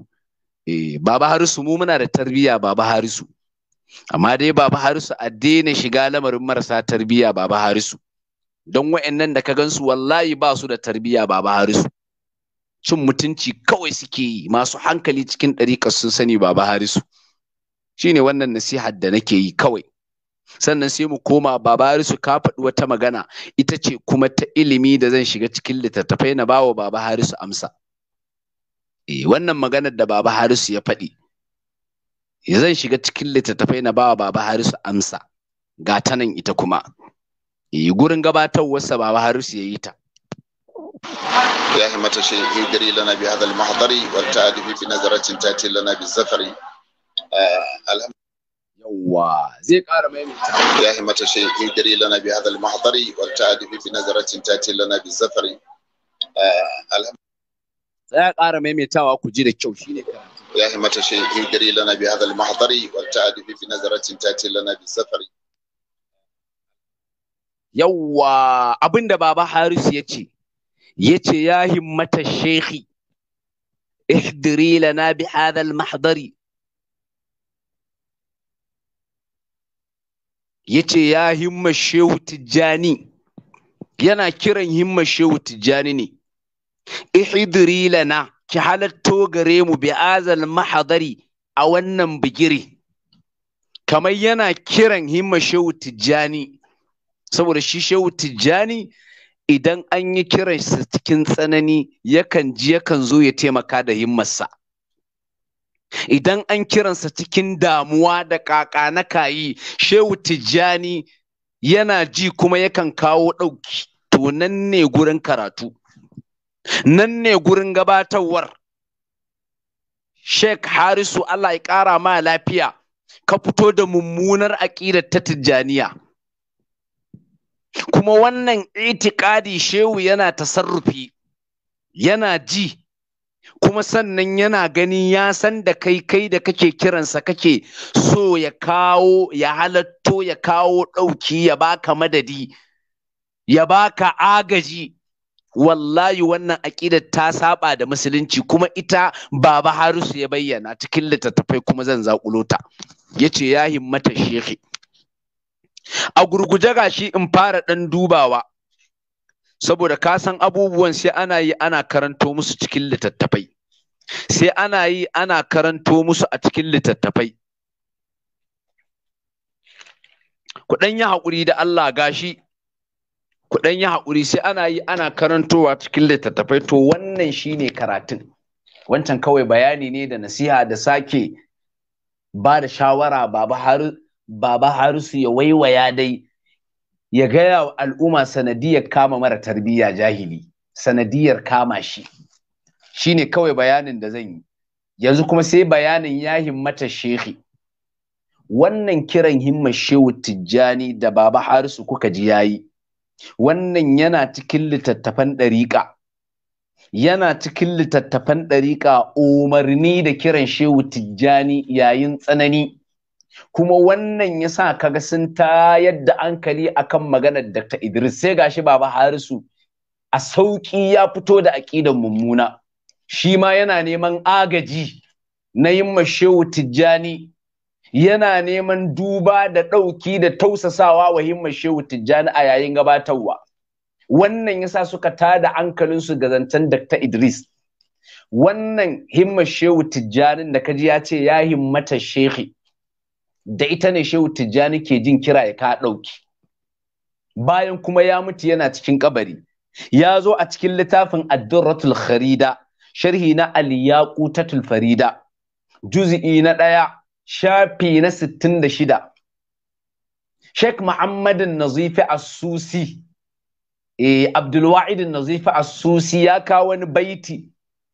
eh baba harisu mu muna da tarbiya baba harisu amma dai baba harisu a daina shiga lamarin marasa tarbiya baba harisu don wayannan da ka gansu wallahi ba su da tarbiya baba harisu cin mutunci kawai suke yi masu hankali cikin ɗariƙar sun sani baba harisu shine wannan nasihar da nake yi kawai sannan sai mu koma baba harisu ka faɗi wata magana ita ce kuma ta ilimi da zan shiga cikin littattafai na bawa baba harisu amsa eh wannan maganar da baba harisu ya faɗi zan shiga cikin littattafai na bawa baba harisu amsa ga ta nan ita kuma eh gurin gabatarwarsa baba harisu ya yi ta يا همة الشيخ mahdari wa بهذا bi nazaratin بنظرة lana bi zafari eh, alhamdulillah yawa zai ƙara maimaita ya yi mata shi in gari lana bi hadal mahdari wal ta'adibi bi nazaratin tati lana bi zafari eh, alhamdulillah tsaya ƙara maimaitawa ku ji da kyau shine ya yi mata shi in gari lana bi hadal mahdari wal ta'adibi bi nazaratin tati lana bi zafari yawa abinda baba Harisu ya ce ya ce ya himmata shekhi ihdiri lana bi hadal mahdari ya ce ya himma shehu tijjani yana kiran himma shehu tijjani ne ihidiri lana ki halatto gare mu bi azal mahadari a wannan bigiri kamar yana kiran himma shehu tijjani saboda shi shehu tijjani idan an yi kiransa cikin tsanani yakan ji yakan zo ya taimaka da himmarsa idan an kiransa cikin damuwa da ƙaƙa na kayi shehu tijjani yana ji kuma yakan kawo ɗauki to nan ne gurin karatu nan ne gurin gabatarwar Sheikh Harisu Allah ya ƙara ma lafiya ka fito da mummunar aƙidar ta tijjaniya kuma wannan itikadi shehu yana tasarrufi yana ji kuma sannan yana gani ya san da kai kai da kake kiransa kake so ya kawo ya halatto ya kawo ɗauki ya baka madadi ya baka agaji wallahi wannan aƙidar ta saba da musulunci kuma ita baba harisu ya bayyana cikin littattafai kuma zan zaƙulo ta ya ce ya himmata shehi a gurguje gashi in fara ɗan dubawa saboda ka san abubuwan sai ana yi ana karanto musu cikin littattafai sai ana yi ana karanto musu a cikin littattafai ku ɗan yi haƙuri da Allah gashi ku ɗan yi haƙuri sai ana yi ana karantowa cikin littattafai to wannan shine karatun wancan kawai bayani ne da nasiha da sake ba da shawara baba har baba harusu ya waiwaya dai ya gaya wa al'umma sanadiyar kama mara tarbiyya jahili sanadiyar kama shi shine kawai bayanin da zan yi yanzu kuma sai bayanin ya himmata shehi wannan kiran himmar shehu tijjani da baba harisu kuka ji yayi wannan yana cikin littattafan ɗariƙa yana cikin littattafan ɗariƙa umarni da kiran shehu tijjani yayin tsanani kuma wannan ya sa kaga sun tayar da ankali akan maganar Dr. Idris sai gashi Baba Harisu a sauƙi ya fito da aƙidan mummuna shi ma yana neman agaji na yin mashewu tijjani yana neman duba da ɗauki da tausasawa wa himma shehu tijjani a yayin gabatarwa wannan yasa suka tada hankalinsu ga zancen Dr. Idris wannan himma shehu tijjanin da kaji ya ce ya himmata shehi da ita ne shehu tijjani ke jin kira ya ka ɗauki bayan kuma ya mutu yana cikin kabari ya zo a cikin littafin addurratul kharida sharhi na al-yaqutatul farida juz'i na ɗaya shafi na sittin da shida Sheikh Muhammadin Nazifi As-Susi eh Abdulwa'id Nazifi Asusi, susi ya kawo wani baiti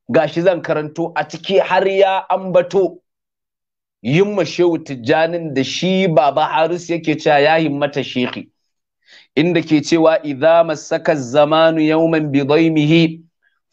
gashi zan karanto a ciki har ya ambato yin shehu tijjanin da shi baba haris yake cewa ya himmata shekhi inda ke cewa idza masaka zamanu yawman bi dhaymihi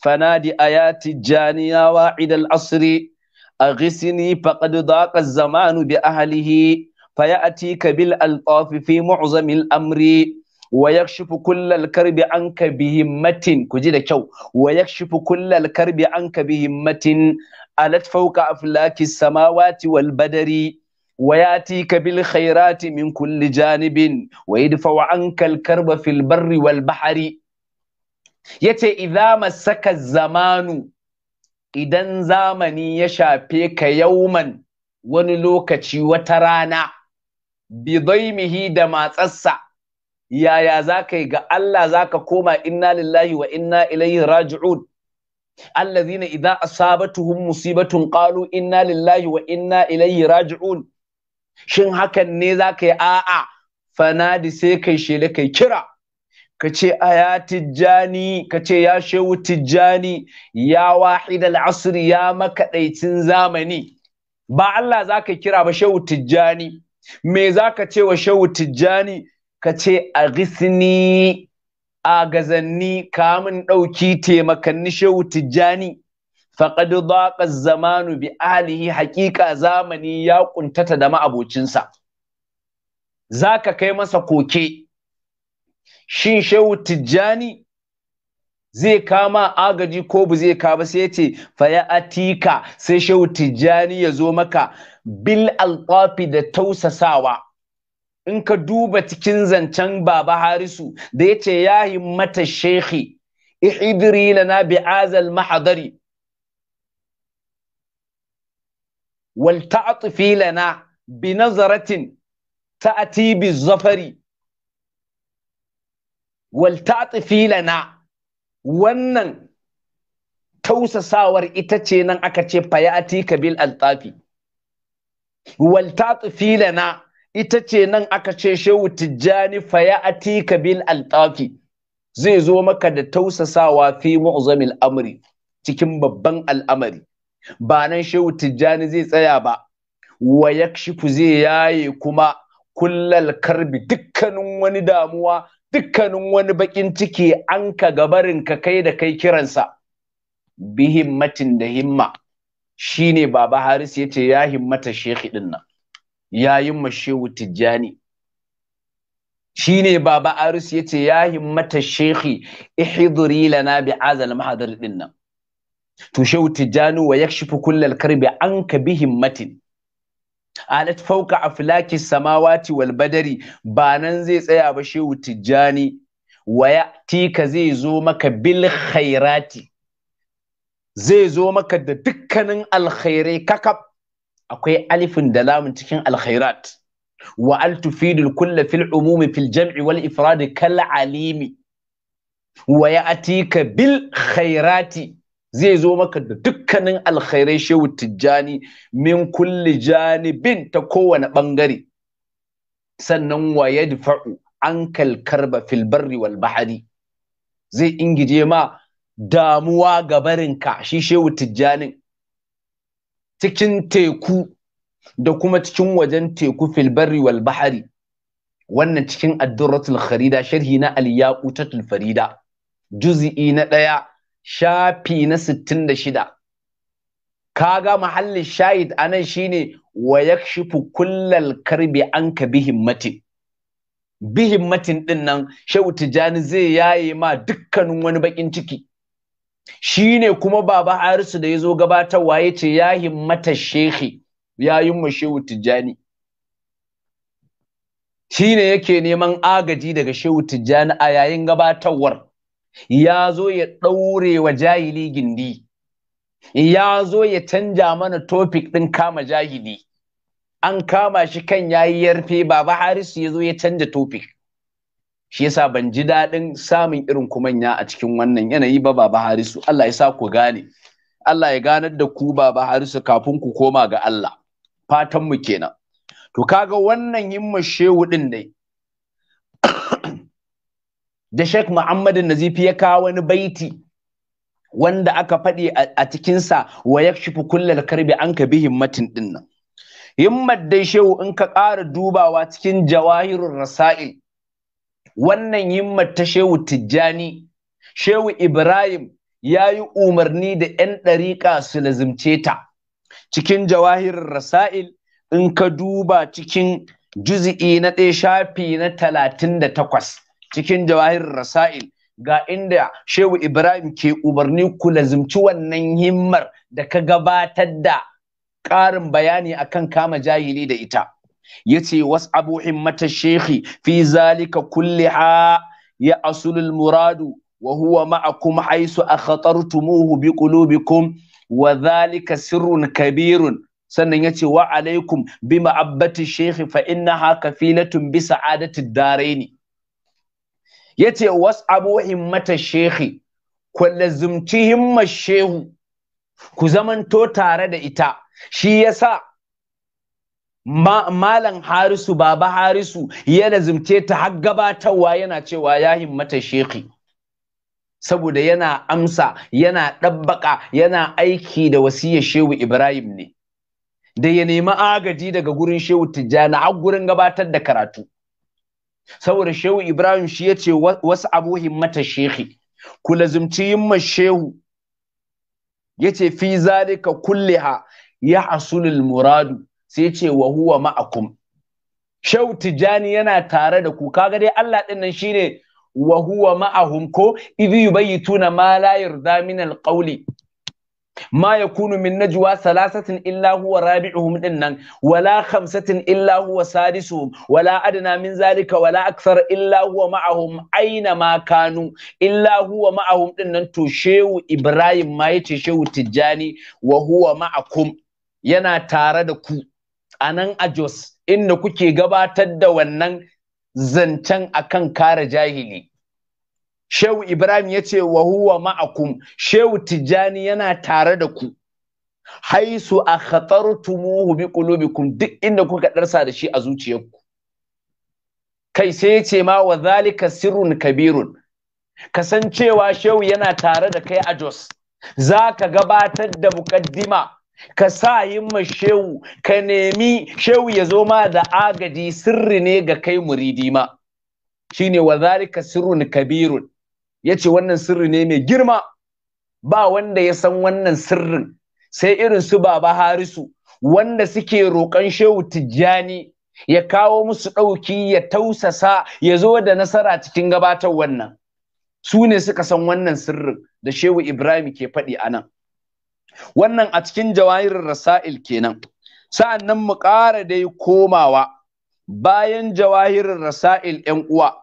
fanadi ayati janiya wa'id al-asri aghisni faqad daqa zamanu bi ahlihi fayatika bil alqafi fi mu'zamil amri wa yakshifu kullal karbi anka bi himmatin kuji da kyau wa yakshifu kullal karbi anka bi himmatin alat fauka aflaki samawati wal badari وياتيك min من كل جانب ويدفع عنك الكرب في البر والبحر yace idza masaka zamanu idan zamani ya shafe ka yauman wani lokaci wata rana bidaimihi da matsarsa. yaya za ka yi ga Allah za ka koma inna lillahi wa inna ilaihi raji'un allazina idza asabatuhum musibatun qalu inna lillahi wa inna ilaihi raji'un shin hakan ne zaka yi a'a fanadi sai kai shele kai kira ka ce aya tijjani ka ce ya shehu tijjani ya wahid al'asr ya makaɗaicin zamani ba Allah zaka kira ba shehu tijjani me zaka ce wa shehu tijjani ka ce a gisni A agazanni kamun ɗauki taimakanni shehu tijjani faƙad daƙa zamanu bi alihi haƙiƙa zamani ya ƙuntata da ma'abocinsa za ka kai masa koke shin shehu tijjani zai kama agaji ko bu zai kama sai ce faya atika sai shehu tijjani ya zo maka bil alƙafi da tausasawa in ka duba cikin zancen baba harisu da ya ce ya himmata shekhi ihidiri lana bi azal mahadari wal ta'atufi lana bi nazaratin ta'ati bi zafari wal ta'atufi lana wannan tausasawar ita ce nan aka ce fayati kabil altafi wal ta'atufi lana ita ce nan aka ce shehu tijjani faya faya'ati bil altafi zai zo maka da tausasawa fi mu'zamil amri cikin babban al'amari ba nan shehu tijjani zai tsaya ba wa yakshifu zai yaye kuma kullal karbi dukkanin wani damuwa dukkanin wani bakin ciki an ka gabarin ka kai da kai kiransa bi himmatin da himma shine baba haris yace ya himmata shekhi din nan yayin mashehu tijjani Shi ne baba arus yace ya himmata shekhi ihduri lana bi azal mahadar din nan to shehu tijjani wa yakshifu kullal karbi anka bi himmatin alat fauka aflaki samawati wal badari ba nan zai tsaya ba shehu tijjani waya tika zai zo maka bil khairati zai zo maka da dukkanin alkhairai kakab akwai alifin da lamun cikin alkhairat wa al tufidul kulla fil umumi fil jam'i wal ifradi kal alimi wa ya'tika bil khairati zai zo maka da dukkanin alkhairai shehu tijjani min kulli janibin ta kowane bangare sannan wa yadfa'u ankal karba fil barri wal bahari zai ingije ma damuwa ga barinka shi shehu tijjanin cikin teku da kuma cikin wajen teku fil barri wal bahari wannan cikin addurratul kharida sharhi na al-yaqutatul farida juz'i na ɗaya shafi na 66 kaga mahallin shahid anan shine wa yakshifu kullal karbi anka bihimmatin bihimmatin din nan shehu tijani zai yaye ma dukkanin wani bakin ciki shi ne kuma baba harisu da ya zo gabatarwa ya ce ya himmata shehi ya yi shehu tijjani shi ne yake neman agaji daga shehu tijjani a yayin gabatarwar ya zo ya ɗaure wa jahili gindi ya zo ya canja mana topic ɗin kama jahili an kama shi kan yayi yarfe baba harisu ya zo ya canja topic shi yasa ban ji daɗin samun irin kumanya a cikin wannan yanayi ba baba harisu Allah ya sa ku gane Allah ya ganar da ku baba harisu kafin ku koma ga Allah fatan mu kenan to kaga wannan himma shehu din ne da Sheikh Muhammadu Nazifi ya kawo wani baiti wanda aka faɗi a cikinsa wa yakshifu kullal karbi an ka bi himmatin dinnan himmat himmar dai shehu in ka ƙara dubawa cikin jawahirur rasa'il wannan yimmar ta shehu tijjani shehu ibrahim ya yi umarni da 'yan ɗariƙa su lazimce ta cikin jawahirin rasa'il in ka duba cikin juzi'i na ɗaya shafi na talatin da takwas cikin jawahirin rasa'il ga inda shehu ibrahim ke umarni ku lazimci wannan himmar da ka gabatar da ƙarin bayani akan kama jahili da ita yace was'abu himmata shekhi fi zalika kulliha ya asulul muradu wa huwa ma'akum haisu a bi qulubikum wa zalika sirrun kabirun sannan yace wa alaikum bi ma'abbati shekhi fa innaha kafilatun bi sa'adati daraini yace was'abu mata shekhi kwallazumci himmar shehu ku zamanto tare da ita shi yasa malam harisu baba harisu ya zumce ta har gabatarwa yana cewa ya himmata sheki saboda yana amsa yana ɗabbaka yana aiki da wasiyar shehu ibrahim ne da ya nemi agaji daga gurin shehu tijjani har gurin gabatar da karatu saboda shehu ibrahim shi ya ce wasu abu himmata sheki ku lazumci himmar shehu yace ce fi zalika kulliha ya asulul muradu sai ce wa huwa ma'akum shau tijani yana tare da ku kaga dai Allah ɗinnan nan shine wa huwa ko idhi yubayituna ma la yarda min alqawli ma yakunu min najwa salasatin illa huwa rabi'uhum din wala khamsatin illa huwa sadisuhum wala adna min zalika wala aksar. illa huwa ma'ahum aina ma kanu illa huwa ma'ahum nan to shehu ibrahim ma yace shehu tijani wa huwa ma'akum yana tare da ku a nan a Jos inda kuke gabatar da wannan zancen akan kare jahili. Shehu Ibrahim ya ce wa huwa ma'akum, Shehu Tijjani yana tare da ku. Haisu a tumuhu bi qulubikum duk inda kuka ɗarsa da shi a zuciyarku. Kai sai ya ce ma wa zalika sirrun kabirun. Kasancewa Shehu yana tare da kai a Jos. Za ka gabatar da mukaddima ka sa yi ma shehu ka nemi shehu ya zo ma da agaji sirri ne ga kai muridi ma ne wa zalika Kabiru? kabirun ce wannan sirri ne mai girma ba wanda ya san wannan sirrin sai irin su baba harisu wanda suke roƙon shehu tijjani ya kawo musu ɗauki ya tausasa ya zo da nasara cikin gabatar wannan su ne suka san wannan sirrin da shehu ibrahim ke faɗi a nan wannan a cikin jawahirin rasail kenan sa'an nan mu ƙara dai komawa bayan jawahirin rasail ‘yan uwa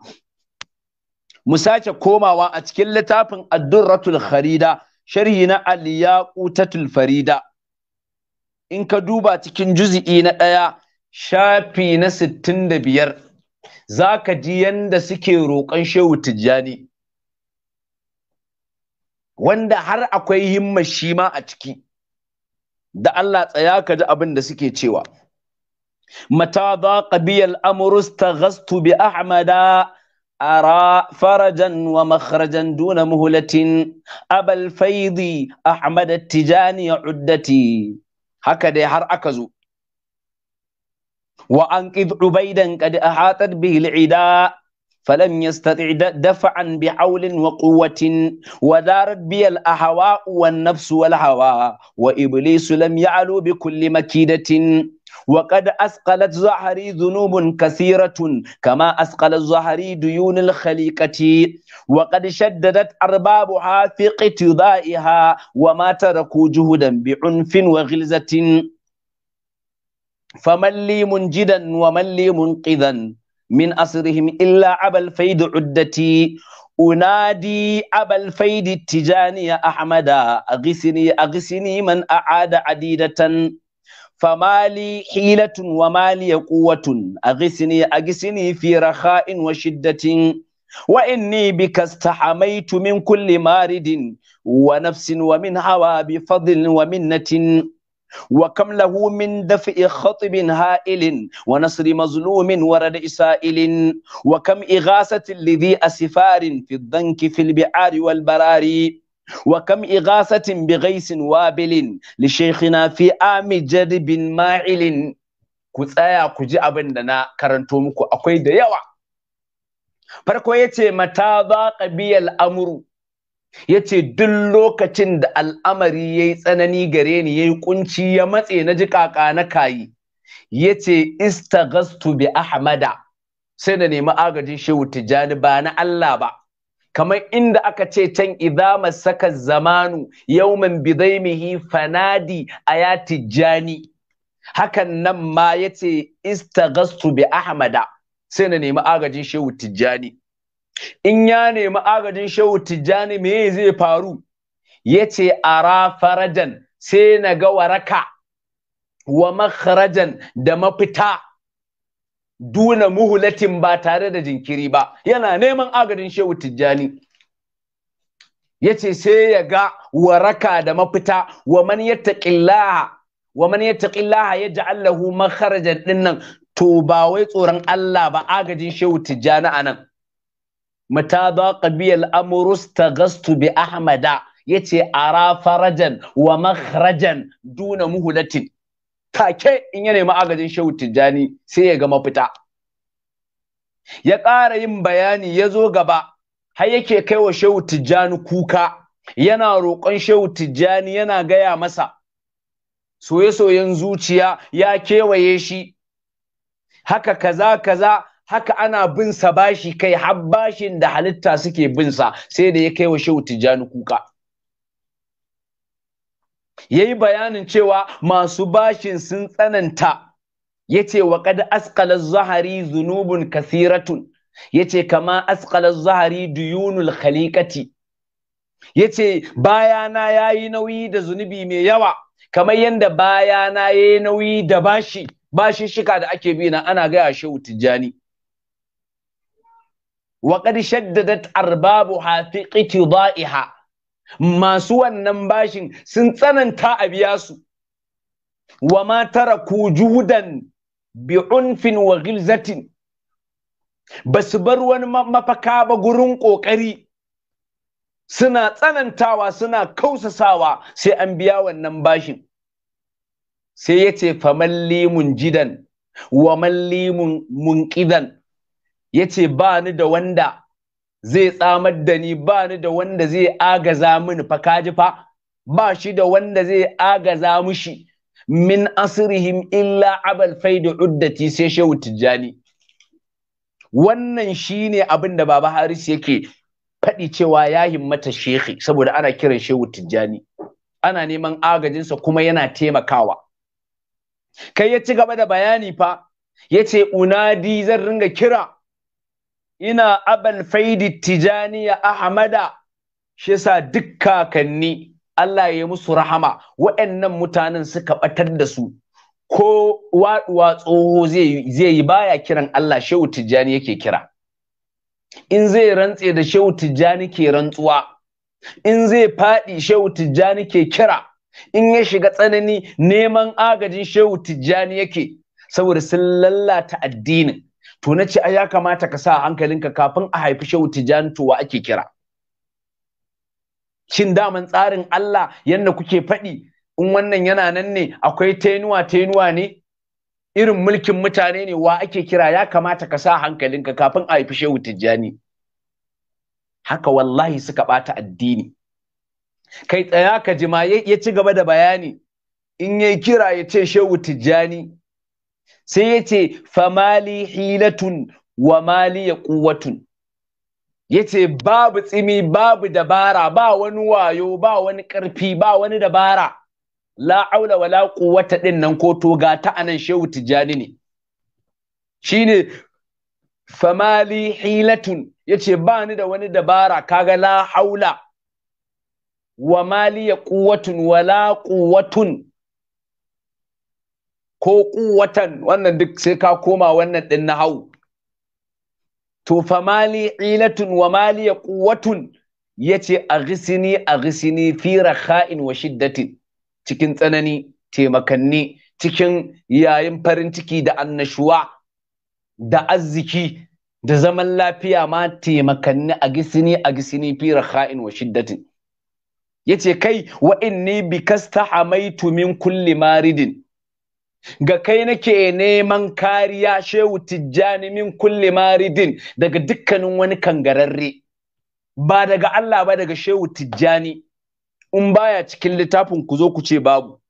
mu sake komawa a cikin littafin addurratul kharida sharhi na aliyaqutatul farida in ka duba cikin juz'i na ɗaya shafi na sittin da biyar za ji yanda suke roƙon shehu tijjani wanda har akwai himma shi a ciki da Allah tsaya ka ji abin da suke cewa mata za ƙabiyar amurus ta gastu bi ahmada ara farajan wa makharajan duna muhulatin abal faidi ahmada tijani ya uddati haka dai har aka zo wa an ƙid ubaidan ƙadi a hatar bihil ida فلم يستطع دفعا بحول وقوة ودارت بي الأهواء والنفس والهوى وإبليس لم يعلو بكل مكيدة وقد أثقلت زهري ذنوب كثيرة كما أسقل زهري ديون الخليقة وقد شددت أربابها في اقتضائها وما تركوا جهدا بعنف وغلزة فمن لي منجدا ومن لي منقذا min asrihim illa abal faid uddati unadi abal Tijaniya tijani ya ahmada aghisni aghisni man aada adidatan famali hilatun wa mali quwwatun aghisni aghisni fi rakha'in wa shiddatin وإني بك استحميت من كل مارد ونفس ومن هوى بفضل ومنة wa kam lahumin min daf'i khatibin ha'ilin wa nasri mazlumin wa rada'i sa'ilin wa kam ighasatin lidhi asifarin fi dhanki bi'ari wal barari وكم إغاثة بغيث وابل لشيخنا في آم جرب ماعل كتايا كجي أبن دنا كرنتو مكو أكوي ديوا فرقو يتي متى ضاق بي الأمر ya ce duk lokacin da al'amari ya yi tsanani gare ni ya yi kunci ya matse na ji kaka na kayi ya ce istagastu bi ahmada sai da nemi agajin shehu tijjani ba na Allah ba kamar inda aka ce can idza saka zamanu yawman bidaimihi fanadi a ya tijjani hakan nan ma ya ce istagastu bi ahmada sai na nemi agajin shehu tijjani in ya nemi agajin shehu tijjani me zai faru ya ce ara farajan sai na ga waraka wa makharajan da mafita duna muhulatin ba tare da jinkiri ba yana neman agajin shehu tijjani ya ce sai ya ga waraka da mafita wa man taƙillaha wa man ya ji Allahu makharajan dinnan to ba wai tsoron Allah ba agajin shehu tijjani a nan mata za ƙabiyar amurus ta gastu bi ahmada ya ce ara wa makharajan duna muhulatin take in ya nemi agajin shehu tijjani sai ya ga mafita ya ƙara yin bayani ya zo gaba har yake kai wa shehu tijjani kuka yana roƙon shehu tijjani yana gaya masa soye-soyen zuciya ya kewaye shi haka kaza kaza haka ana bin sa bashi kai har bashin da halitta suke bin sa sai da ya kai wa shehu tijjani kuka yayi bayanin cewa masu bashin sun tsananta yace wa qad asqala zahari zunubun kasiratun yace kama asqala zahari duyunul khaliqati yace bayana yayi nauyi da zunubi mai yawa kamar yanda bayana yayi nauyi da bashi bashin shika da ake bi na ana gaya shehu tijjani wa qad hafi arbabuha fi qitidaiha masu wannan bashin sun tsananta a biya su wa ma taraku juhudan bi unfin wa Ba basu bar wani mafaka ba gurin ƙoƙari suna tsanantawa suna kausasawa sai an biya wannan bashin sai ya ce faman mun jidan wa man limun ya ce ba ni da wanda zai tsamar da ni ba ni da wanda zai agaza mini fa kaji fa ba shi da wanda zai agaza mushi min asirihim illa abal faidu uddati sai shehu tijjani wannan shine abin da baba haris yake faɗi cewa ya himmata shehi saboda ana kiran shehu tijjani ana neman agajinsa kuma yana taimakawa kai ya ci gaba da bayani fa ya ce unadi zan ringa kira ina abal faidi tijaniya ahmada shi yasa duk kakanni Allah ya musu rahama waɗannan mutanen suka batar da su ko waɗuwa tsoho zai yi baya kiran Allah shehu tijjani yake kira in zai rantse da shehu tijjani ke rantsuwa in zai faɗi shehu tijjani ke kira in ya shiga tsanani neman agajin shehu tijjani yake saboda sun lallata addinin to na ce ai ya kamata ka sa hankalinka kafin a haifi shehu tijan to wa ake kira shin daman tsarin Allah yanda kuke faɗi in wannan yana nan ne akwai tenuwa tenuwa ne irin mulkin mutane ne wa ake kira ya kamata ka sa hankalinka kafin a haifi shehu tijjani haka wallahi suka ɓata addini kai tsaya ka jima ya ci gaba da bayani in yayi kira ya ce shehu tijjani sai ya ce famali hilatun wa mali ya kuwatun ya ce babu tsimi babu dabara ba wani wayo ba wani ƙarfi ba wani dabara la aula wala quwwata din nan ko to ga ta anan shehu tijjani ne shine famali hilatun ce ba ni da wani dabara kaga la haula wa mali ya quwwatun wala quwwatun ko kuwatan wannan duk sai ka koma wannan din na hau to fa mali ilatun wa mali quwwatun yace aghsini aghsini fi rakha'in wa shiddatin cikin tsanani taimakanni cikin yayin farin ciki da annashuwa da arziki da zaman lafiya ma taimakanni a gisini a gisini fi rakha'in wa shiddatin yace kai wa inni bikasta hamaitu min kulli maridin ga kai nake neman kariya shehu tijjani min kulli maridin daga dukkanin wani kangararre ba daga Allah ba daga shehu tijjani in baya cikin littafin ku zo ku ce babu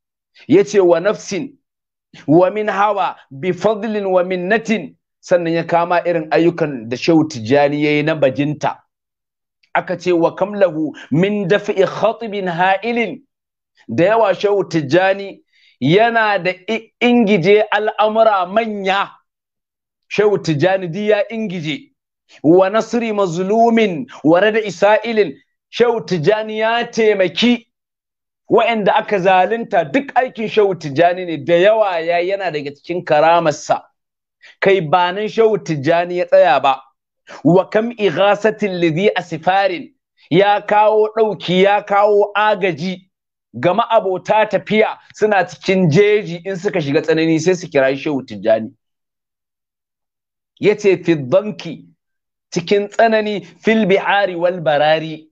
yace wa nafsin wa min hawa bi fadlin wa minnatin sannan ya kama irin ayyukan da shehu tijjani yayi na bajinta aka ce wa kamlahu min dafi khatibin ha'ilin da yawa shehu tijjani yana da ingije al'amura manya shehu tijjani ya ingije wa nasri mazlumin wa rada isa'ilin shehu tijjani ya taimaki wa'anda aka zalunta duk aikin shehu tijjani ne da yawa ya yana daga cikin karamarsa kai ba nan shehu tijjani ya tsaya ba wa kam ighasatin lidhi asifarin ya kawo ɗauki ya kawo agaji ga ma'abota tafiya suna cikin jeji in suka shiga tsanani sai su kira shehu tijjani yace fi dhanki cikin tsanani fil bihari wal barari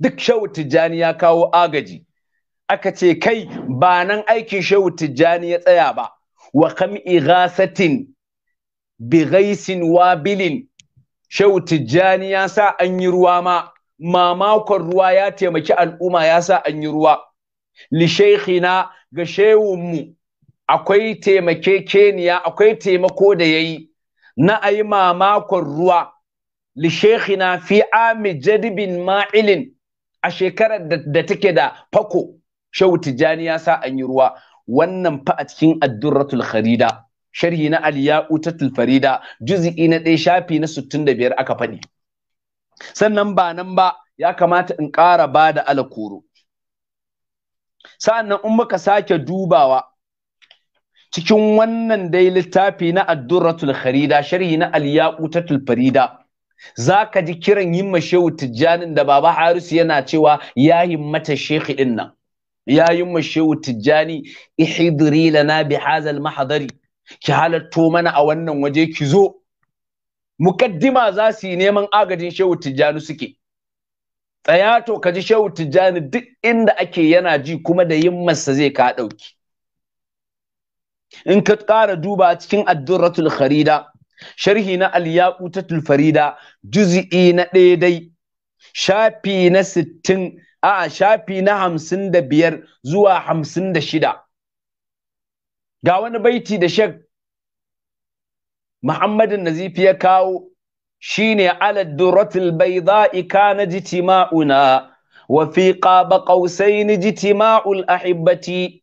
duk shehu tijjani ya kawo agaji aka ce kai ba nan aikin shehu tijjani ya tsaya ba wa kam igasatin bi gaisin wabilin shehu tijjani ya sa an yi ruwa ma mamakon ruwa ya taimaki al'umma ya sa an yi ruwa li ga shehunmu akwai taimakekeniya akwai taimako da yayi na ayi mamakon ruwa li fi ami jadibin ma'ilin a shekarar da take da fako shehu tijani ya sa an yi ruwa wannan fa a cikin addurratul kharida sharhi na ta farida juz'i na ɗaya shafi na da biyar aka faɗi sannan ba nan ba ya kamata in ƙara ba da alakoro sa'annan in muka sake dubawa cikin wannan dai littafi na addurratul kharida sharhi na al-yaqutatul farida zaka ji kiran himma shehu tijjanin da baba harisu yana cewa ya himmata shekhi din nan ya himma shehu tijjani ihdiri lana bi hazal mahdari ki halatto mana a wannan waje ki zo mukaddima za su yi neman agajin shehu tijjani suke tsaya to ka ji shehu tijjani duk inda ake yana ji kuma da yimmarsa zai ka ɗauki in ka ƙara duba cikin addurratul kharida sharhi na ta farida juz'i na daidai shafi na sittin a shafi na hamsin da biyar zuwa hamsin da shida ga wani baiti da shek Muhammadu nazifi ya kawo shine ala duratil bayda'i kana jitima'una wa fi qaba qausain jitima'ul ahibbati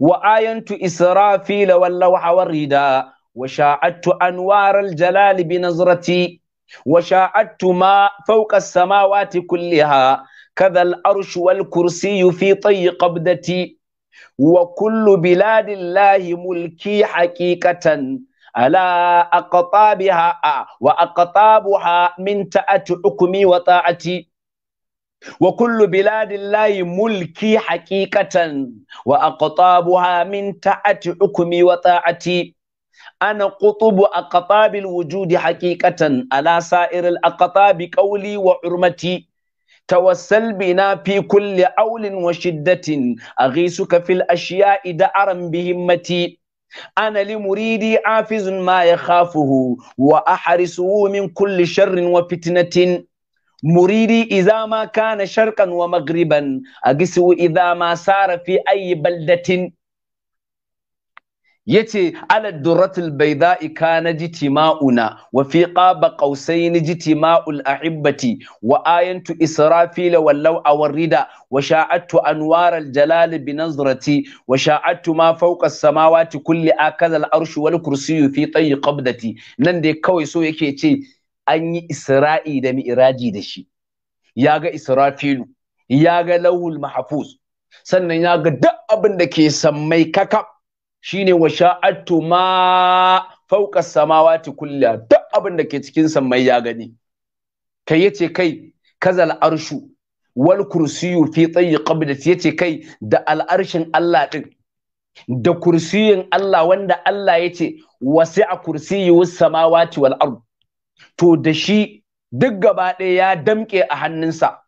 wa ayantu israfi la lawha warida wa sha'attu anwar al jalal bi nazrati wa sha'attu ma fawqa as samawati kulliha كذا الأرش والكرسي في طي Wa وكل بلاد الله mulki حقيقة ala aqtabiha wa aqtabuha min ta'ati hukmi wa ta'ati wa kullu biladillahi mulki haqiqatan wa aqtabuha min ta'ati hukmi wa ta'ati أنا قطب أقطاب الوجود حقيقة على سائر الأقطاب قولي وحرمتي توسل بنا في كل أول وشدة أغيسك في الأشياء دعرا بهمتي أنا لمريدي عافز ما يخافه وأحرسه من كل شر وفتنة مريدي إذا ما كان شرقا ومغربا أقسو إذا ما سار في أي بلدة yace ala duratul bayda'i kana jitima'una wa fi qaba qausaini jitima'ul ahibbati wa ayantu israfila wallau awarida wa sha'attu anwaral jalal binazrati wa sha'attu ma fawqa samawati kulli akazal arshu wal kursiyyu fi tayyi qabdati nan dai kawai so yake ce an yi isra'i da mi'raji da shi ya ga israfilu ya ga lawul mahfuz sannan ya ga duk abin da ke sammai kakab shine wa sha'attu ma fauka samawati kulla duk abin da ke cikin sammai ya gani kai yace kai kazal arshu wal kursiyu fi tsayi qabdati yace kai da al'arshin Allah din da kursiyin Allah wanda Allah yace wasi'a kursiyu samawati wal ard to da shi duk gaba ɗaya ya damƙe a hannunsa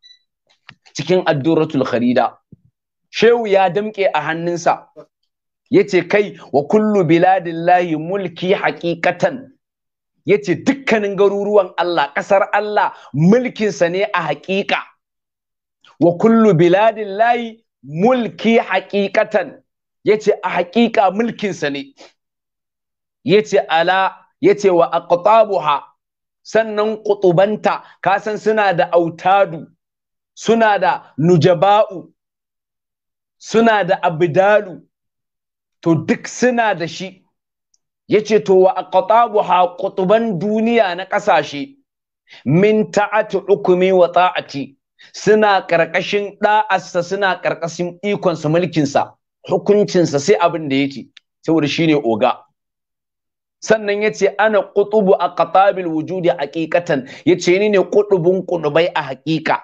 cikin adduratul kharida shehu ya damƙe a hannunsa yace kai wa kullu biladillahi mulki haqiqatan yace dukkanin garuruwan Allah kasar Allah mulkinsa ne a haƙiƙa wa kullu biladillahi mulki haƙiƙatan yace a haƙiƙa mulkinsa ne yace ala yace wa aqtabuha sannan qutubanta kasan suna da autadu suna da nujaba'u suna da abdalu to duk suna da shi yace to wa ha qutuban duniya na kasashe min ta'atu hukumi wa ta'ati suna karkashin da'assa suna karkashin ikon sa mulkin sa hukuncin sa sai abin da yake saboda shine oga sannan yace ana qutubu aqtabil wujudi haqiqatan yace ni ne qutubun qudubai a haqiqa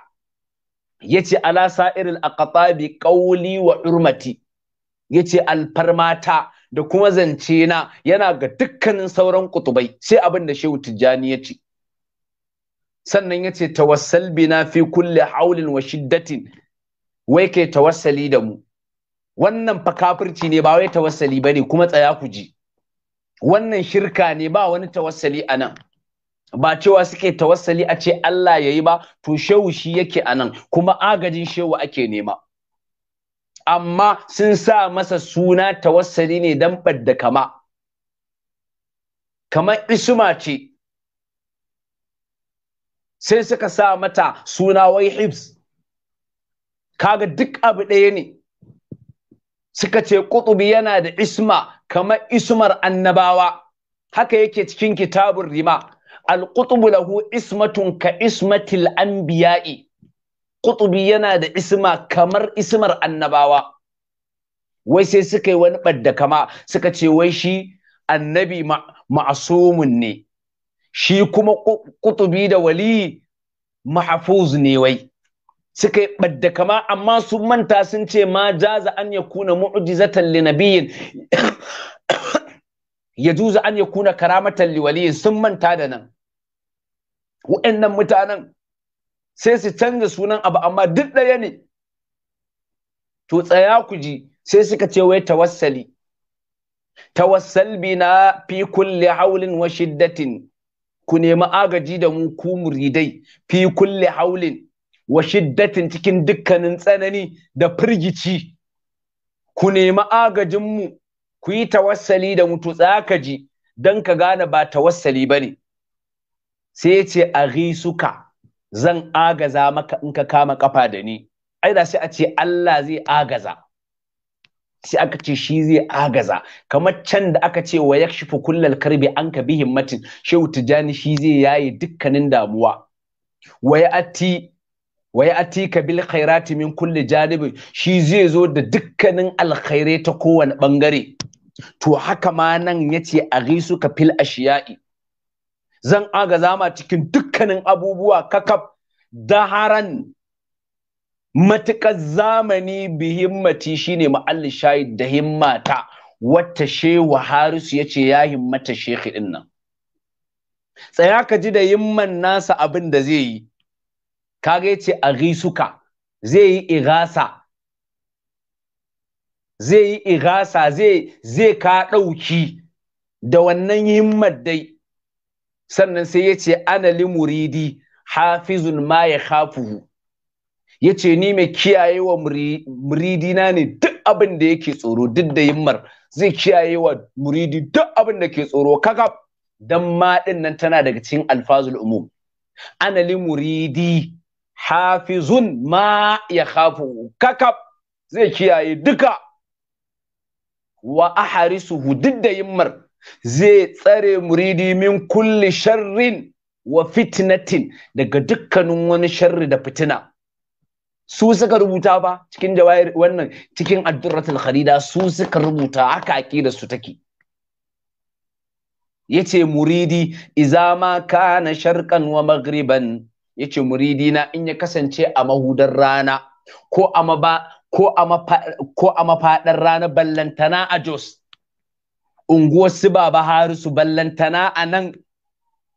yace ala sa'iril aqtabi qawli wa urmati yace alfarmata da kuma zance na yana ga dukkanin sauran kutubai sai abin da Shehu Tijjani ya ce sannan yace tawassal bina fi kulli haulin wa shiddatin wai kai tawassali da mu wannan fa kafirci ne ba wai tawassali bane kuma tsaya ku ji wannan shirka ne ba wani tawassali anan ba cewa suke tawassali a ce Allah yayi ba to shehu shi yake anan kuma agajin shehu ake nema amma sun sa masa suna tawassali ne dan badda kama kamar isma ce sai suka sa mata suna wai hibs kaga duk abu ɗaya ne suka ce ƙutubi yana da isma kamar ismar annabawa haka yake cikin kitabun rima al lahu ismatun ka ismatil anbiya'i Kutubi yana da isma kamar ismar annabawa wai sai suka yi wani ɓadda kama suka ce wai shi annabi ma'asumun ne shi kuma kutubi da wali mahafuz ne wai suka yi ɓadda kama amma sun manta sun ce ma jaza an ya kuna mu'jizatan li nabiyin ya juza an ya kuna karamatan li waliyin sun manta da nan wa'annan mutanen sai su canza sunan abu amma duk ɗaya ne to tsaya ku ji sai suka ce wai tawassali tawassal bina fi kulli haulin wa shiddatin ku nemi agaji da mu ku muridai fi kulli haulin wa shiddatin cikin dukkanin tsanani da firgici ku nemi agajin mu ku yi tawassali da mu to tsaya ka ji dan ka gane ba tawassali bane sai ya ce a suka zan agaza maka in ka kama kafa da ni ai da sai a ce Allah zai agaza sai aka ce shi zai agaza kamar can da aka ce wa yakshifu kullal karbi an ka bi himmatin shehu tijani shi zai yaye dukkanin damuwa waya ya ati waya ati ka bil khairati min kulli janibi shi zai zo da dukkanin alkhairai ta kowane bangare to haka ma nan yace a ka fil ashiya'i zan aga zama cikin dukkanin abubuwa kakaf daharan matuƙar zamani bi himmati shine ma'alli shayid da himmata wata shewa harisu ya ce ya himmata shekhi ɗin nan tsaya ka ji da himman nasa abin da zai yi kaga ya ce a risuka zai yi igasa zai yi igasa zai ka ɗauki da wannan himmar dai sannan sai ya ce ana li muridi hafizun ma ya hafuhu. ya ce ni mai kiyaye wa muridina ne duk abin da yake tsoro duk da yimmar zai kiyaye wa muridi duk abin da ke tsoro kakaf Don ma din nan tana daga cikin alfazul umum ana li muridi hafizun ma ya hafuhu kaka zai kiyaye duka wa aharisuhu duk da yimmar zai tsare muridi min kulli sharrin wa fitnatin daga dukkanin wani sharri da fitina su suka rubuta ba cikin jawahir wannan cikin addurratul kharida su suka rubuta haka da su take yace muridi izama kana sharqan wa maghriban yace muridi na in ya kasance a mahudar rana ko a maba ko a ko a rana ballantana a Jos unguwar su baba harisu ballantana a nan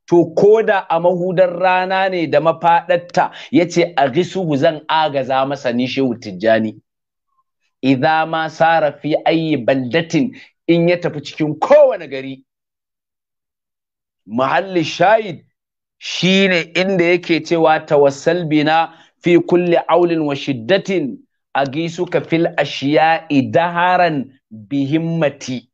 to da a mahudar rana ne da mafaɗatta ya ce a gisuhu zan agaza masa ni shehu tijjani idza ma sara fi ayi baldatin in ya tafi cikin kowane gari mahalli shahid shine inda yake cewa tawassal bina fi kulli aulin wa shiddatin agisuka fil ashiya idaharan bihimmati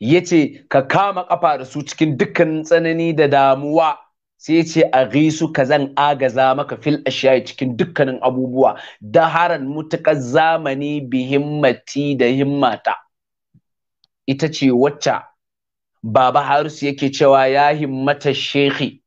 ya ce ka kama ƙafa da su cikin dukkan tsanani da damuwa sai ce a gisu ka zan agaza maka fil ashiya cikin dukkanin abubuwa da haran mutuƙar zamani bi himmati da himmata ita ce wacce baba harus yake cewa ya himmata shekhi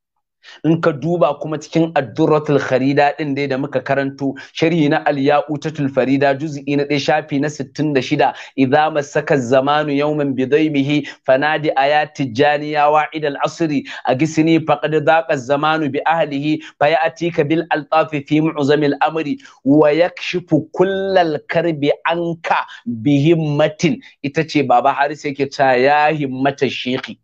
in ka duba kuma cikin addurratul kharida din dai da muka karanto sharhi na al-yaqutatul farida juz'i na dai shafi na 66 idza masaka zamanu yawman bidaymihi fanadi ayati janiya wa'id al-asri agisni faqad daqa zamanu bi ahlihi fayatika bil altafi fi mu'zam al-amri wa yakshifu kullal karbi anka bihimmatin himmatin ita ce baba harisa yake ta ya himmatar shekhi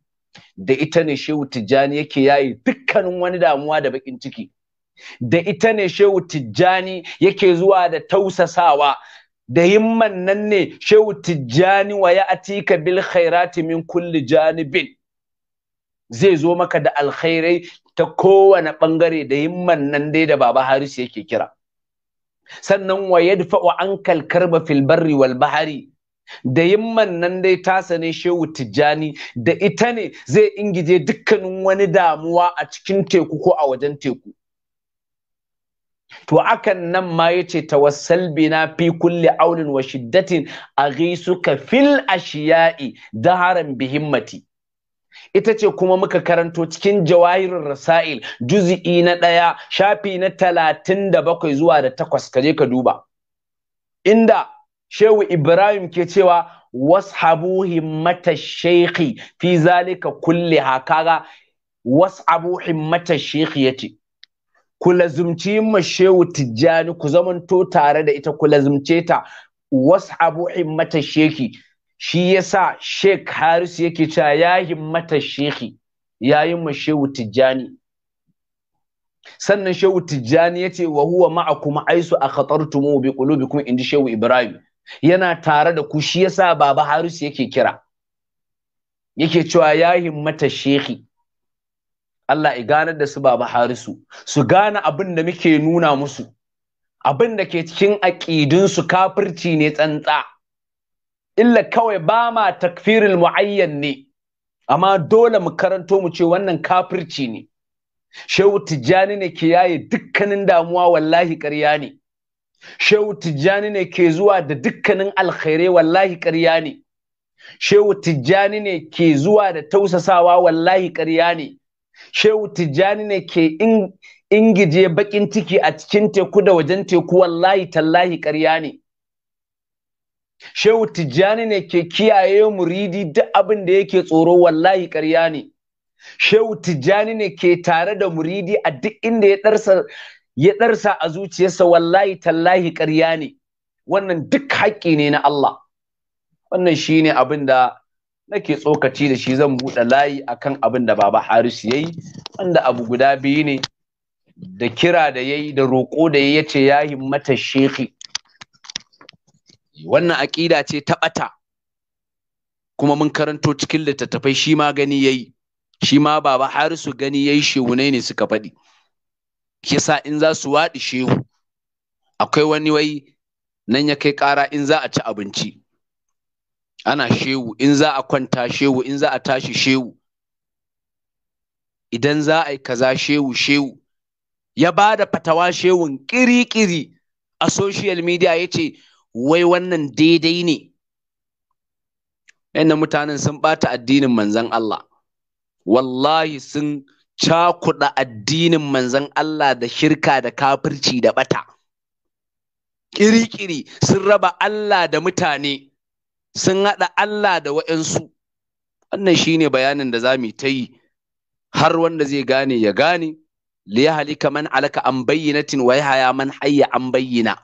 da ita ne shehu tijjani yake yayi dukkanin wani damuwa da bakin ciki da ita ne shehu tijjani yake zuwa da tausasawa da himman nan ne shehu tijjani wa ya'tika atika bil khairati min kulli janibin zai zo maka da alkhairai ta kowane bangare da himman nan dai da baba harisu yake kira sannan wa yadfa'u ankal karba fil barri wal bahari da yimman nan dai ta sane shehu tijjani da ita ne zai ingije dukkanin wani damuwa a cikin teku ko a wajen teku to akan nan ma yace tawassal bina fi kulli aunin wa shiddatin suka fil ashiya'i daharan bi himmati ita ce kuma muka karanto cikin jawahirin rasail juzi'i na ɗaya shafi na talatin da bakwai zuwa da takwas kaje ka duba inda shehu ibrahim ke cewa washabu himmata shekhi fi zalika kulli hakaga washabu himmata ya yace ku lazumci ma shehu tijjani ku zamanto tare da ita ku lazumce ta washabu himmata shekhi shi ya sa shek harisu yake cewa ya himmata ya yayin ma shehu tijjani sannan shehu tijjani ya ce wa huwa ma'akum aisu a khatartumu bi qulubikum inji shehu ibrahim yana tare da ku shi yasa baba Harisu yake kira yake cewa ya himmata shehi Allah ya ganar da su baba Harisu su gane abin da muke nuna musu abin da ke cikin aƙidinsu kafirci ne tsantsa illa kawai ba ma takfiril mu'ayyan ne amma dole mu karanto mu ce wannan kafirci ne shehu tijjani ne ke yaye dukkanin damuwa wallahi ƙarya ne shehu tijjani ne ke zuwa da dukkanin alkhairai wallahi ƙarya ne shehu tijjani ne ke zuwa da tausasawa wallahi ƙarya ne shehu tijjani ne ke ingije bakin ciki a cikin teku da wajen teku wallahi tallahi ƙarya ne shehu tijjani ne ke kiyaye muridi duk abin da yake tsoro wallahi ƙarya ne shehu tijjani ne ke tare da muridi a duk inda ya ɗarsa ya ɗarsa a zuciyarsa wallahi tallahi ƙarya ne wannan duk haƙƙi ne na Allah wannan shi ne abin da nake tsokaci da shi zan buɗe layi akan abin da baba harisu ya yi wanda abu guda biyu ne da kira da ya yi da roƙo da ya ce ya himmata shehi wannan aƙida ce ta ɓata kuma mun karanto cikin littattafai shi ma gani ya yi shi ma baba harisu gani ya yi shehunai ne suka faɗi yasa in za su waɗi shehu akwai wani wai nan ya kai ƙara in za a ci abinci ana shehu in za a kwanta shehu in za a tashi shehu idan za a yi kaza shehu shehu ya ba da fatawa shehun ƙiri-ƙiri a social media ya ce wai wannan daidai ne yadda mutanen sun ɓata addinin manzan Allah wallahi sun cakuɗa addinin manzon Allah da shirka da kafirci da bata ƙiri sun raba Allah da mutane sun haɗa Allah da wa'yansu wannan shine bayanin da za mu ta yi har wanda zai gane ya gane liyahalika man alaka an bayyinatin wa yahaya man hayya an bayyana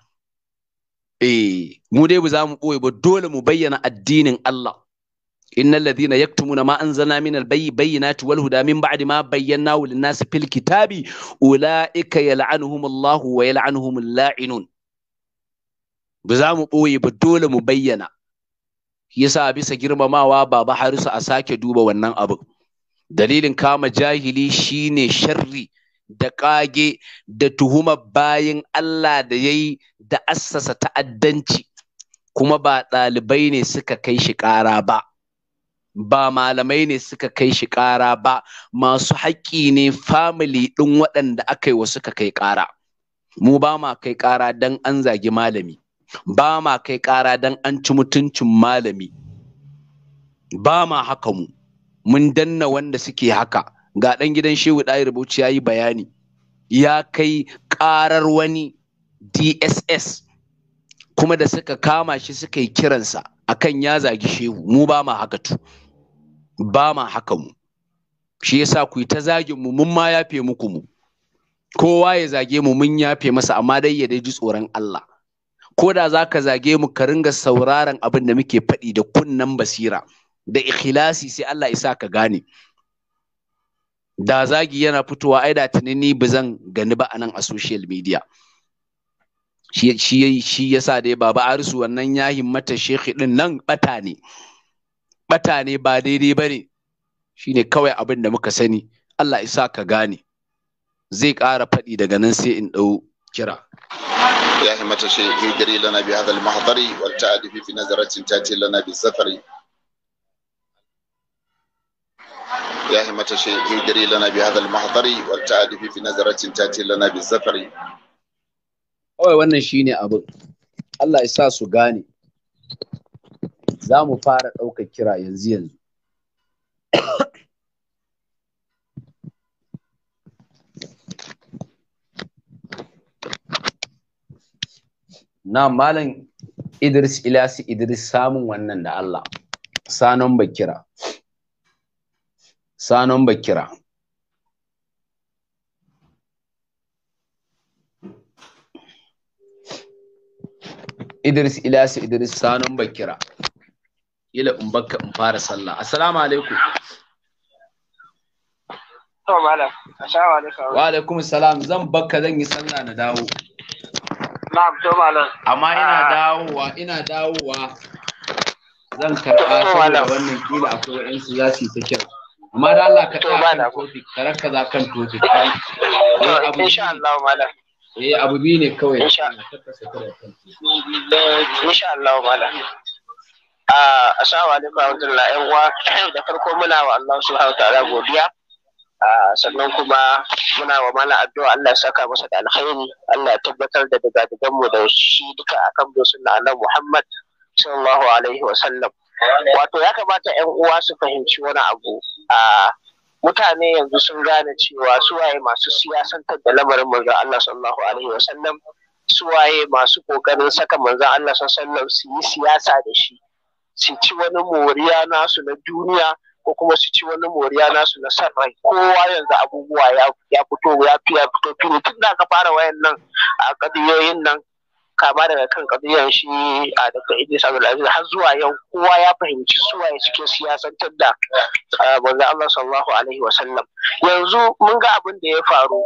eh mu dai ba za mu ɓoye ba dole mu bayyana addinin Allah innal ladhina yaktumuna ma anzalna minal bayyinati wal huda min ba'di ma bayyanahu lin-nasi fil kitabi ulaika yal'anuhumullahu wa yal'anuhumul la'inun ba za mu ɓoye ba dole mu bayyana yasa bisa girmamawa baba harisu a sake duba wannan abin dalilin kama jahili shine sharri da ƙage da tuhumar bayan Allah da ya yi da assasa ta'addanci kuma ba ɗalibai ne suka kai shi ƙara ba ba malamai ne suka kai shi ƙara ba masu haƙƙi ne family ɗin waɗanda aka yi wa suka kai ƙara mu ba ma kai ƙara don an zagi malami ba ma kai ƙara don an ci mutuncin malami ba ma haka mu mun danna wanda suke haka ga ɗan gidan shehu ɗaya rubuci ya yi bayani ya kai ƙarar wani dss kuma da suka kama shi suka yi kiransa akan ya zagi shehu mu ba ma haka tu ba ma haka mu shi yasa ku yi ta zagin mu mun ma yafe muku mu kowa ya zage mu mun yafe masa amma dai ya dai ji tsoron Allah ko da za ka zage mu ka ringa sauraron abin da muke faɗi da kunnen basira da ikhlasi sai Allah ya sa ka gane da zagi yana fitowa ai da tunani ba zan gani ba anan a social media shi shi yasa dai baba rusu wannan ya himmata shekhi din nan bata ne bata ne ba daidai ba ne shi ne kawai abin da muka sani Allah isa ka gane zai ƙara faɗi daga nan sai in ɗau kira. ya yi mata shi yi gari lana bi hadal mahadari wata adifi fi nazaratin ta ce lana bi safari ya yi mata shi yi gari lana bi hadal mahadari wata adifi fi nazaratin ta ce lana bi safari kawai wannan shi ne abin Allah isa su gane za mu fara ɗaukar kira yanzu yanzu na malam idris ilasi idris samun wannan da allah sanon bakira sanon bakira idris ilasi idris sanon bakira ila in bakka in fara sallah assalamu alaikum to malam assalamu alaikum wa alaikum assalam zan bakka zan yi sallah na dawo na'am to malam amma ina ah. dawowa ina dawowa zan karba saboda wannan kila akwai su za su yi ta kyau amma da Allah ka tsaya kan topic ka rakkaza kan topic eh, insha Allah malam eh abu biyu ne kawai insha Allah malam Ah, assalamu alaikum warahmatullahi ƴan uwa da farko muna wa Allah subhanahu ta'ala godiya ah, sannan kuma muna wa mala addu'a Allah saka masa da alkhairi Allah ya tabbatar da daga mu da shi duka a akan dosun Allah Muhammad sallallahu alaihi wa sallam wato ya kamata ƴan uwa su fahimci wani abu ah, mutane yanzu sun gane cewa suwaye masu siyasantar da lamarin manzon Allah sallallahu alaihi wa sallam suwaye masu kokarin saka manzon Allah sallallahu alaihi wa sallam su yi siyasa da shi su ci wani moriya nasu na duniya ko kuma su ci wani moriya nasu na san rai kowa yanzu abubuwa ya fito ya fi ya fito fili tun da aka fara wayan nan a kadiyoyin nan kama daga kan kadiyan shi a daga Idris Abdulaziz har zuwa yau kowa ya fahimci suwa ya suke siyasantar da manzo Allah sallallahu alaihi wasallam yanzu mun ga abin da ya faru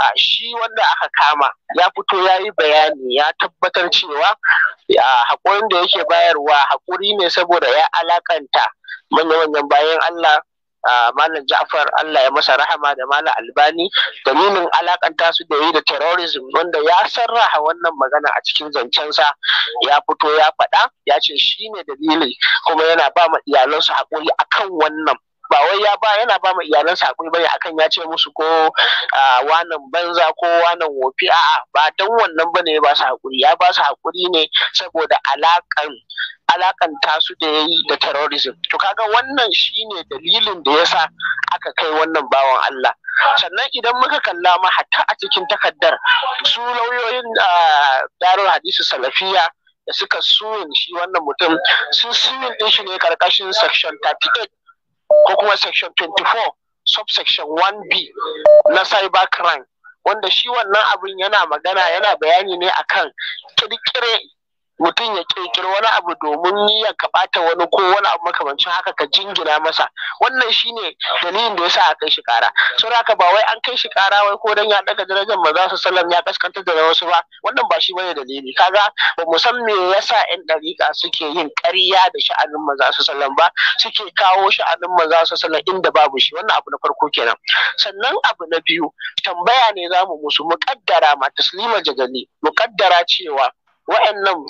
a shi wanda aka kama ya fito ya yi bayani ya tabbatar cewa haƙurin da yake bayarwa haƙuri ne saboda ya alakanta manya-manyan bayan Allah Malam Ja'far Allah ya masa rahama da Malam Albani da nunin alakanta su da yi da terrorism wanda ya sarraha wannan magana a cikin zancensa ya fito ya faɗa ya ce shi ne dalilin kuma yana ba ma iyalansu haƙuri akan wannan ba wai ya ba yana ba ma iyalansa hakuri bane akan ya ce musu ko wannan banza ko wannan wofi a'a ba dan wannan bane ba su ya ba su hakuri ne saboda alakan alakan su da yayi da terrorism to kaga wannan shine dalilin da yasa aka kai wannan bawan Allah sannan idan muka kalla ma hatta a cikin takaddar su lauyoyin darul hadisi salafiya da suka suyin shi wannan mutum sun suyin din shi ne karkashin section 38 ko kuma section 24 subsection 1b na cyber crime wanda shi wannan abin yana magana yana bayani ne akan kirkire mutum ya kirkiri wani abu domin ya kaɓata wani ko wani abu makamancin haka ka jingina masa wannan shine dalilin da yasa a kai shi kara saboda haka ba wai an kai shi kara wai ko dan ya daga darajar maza su sallam ya kaskantar da wasu ba wannan ba shi bane dalili kaga ba mu san me yasa yan dariƙa suke yin ƙarya da sha'anin maza su sallam ba suke kawo sha'anin maza su sallam inda babu shi wannan abu na farko kenan sannan abu na biyu tambaya ne zamu musu mu kaddara ma taslima jagali mu kaddara cewa wa'annan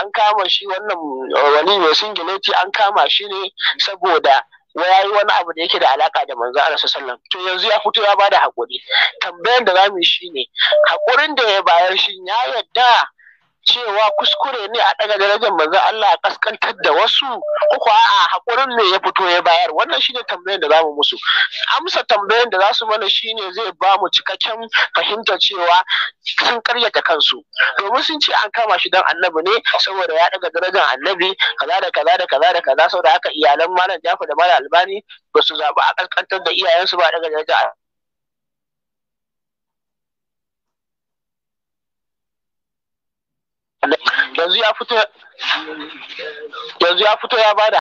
an kama shi wannan wani mai singileti an kama shi ne saboda ya yi wani abu da yake da alaka da manzo Allah sallallahu to yanzu ya fito ya bada hakuri tambayar da zamu shi ne hakurin da ya bayar shin ya yadda cewa kuskure ne a ɗaga darajar manzon Allah a kaskantar da wasu uku a haƙurin ne ya fito ya bayar wannan shine tambayar da za mu musu amsa tambayar da za su mana shine zai ba mu cikakken fahimta cewa sun karyata kansu domin sun ce an kama shi dan annabi ne saboda ya ɗaga darajar annabi kaza da kaza da kaza da kaza saboda haka iyalan malam jafa da malam Albani ba su zaɓi a kaskantar da iyayensu ba daga darajar yanzu ya fito ya bada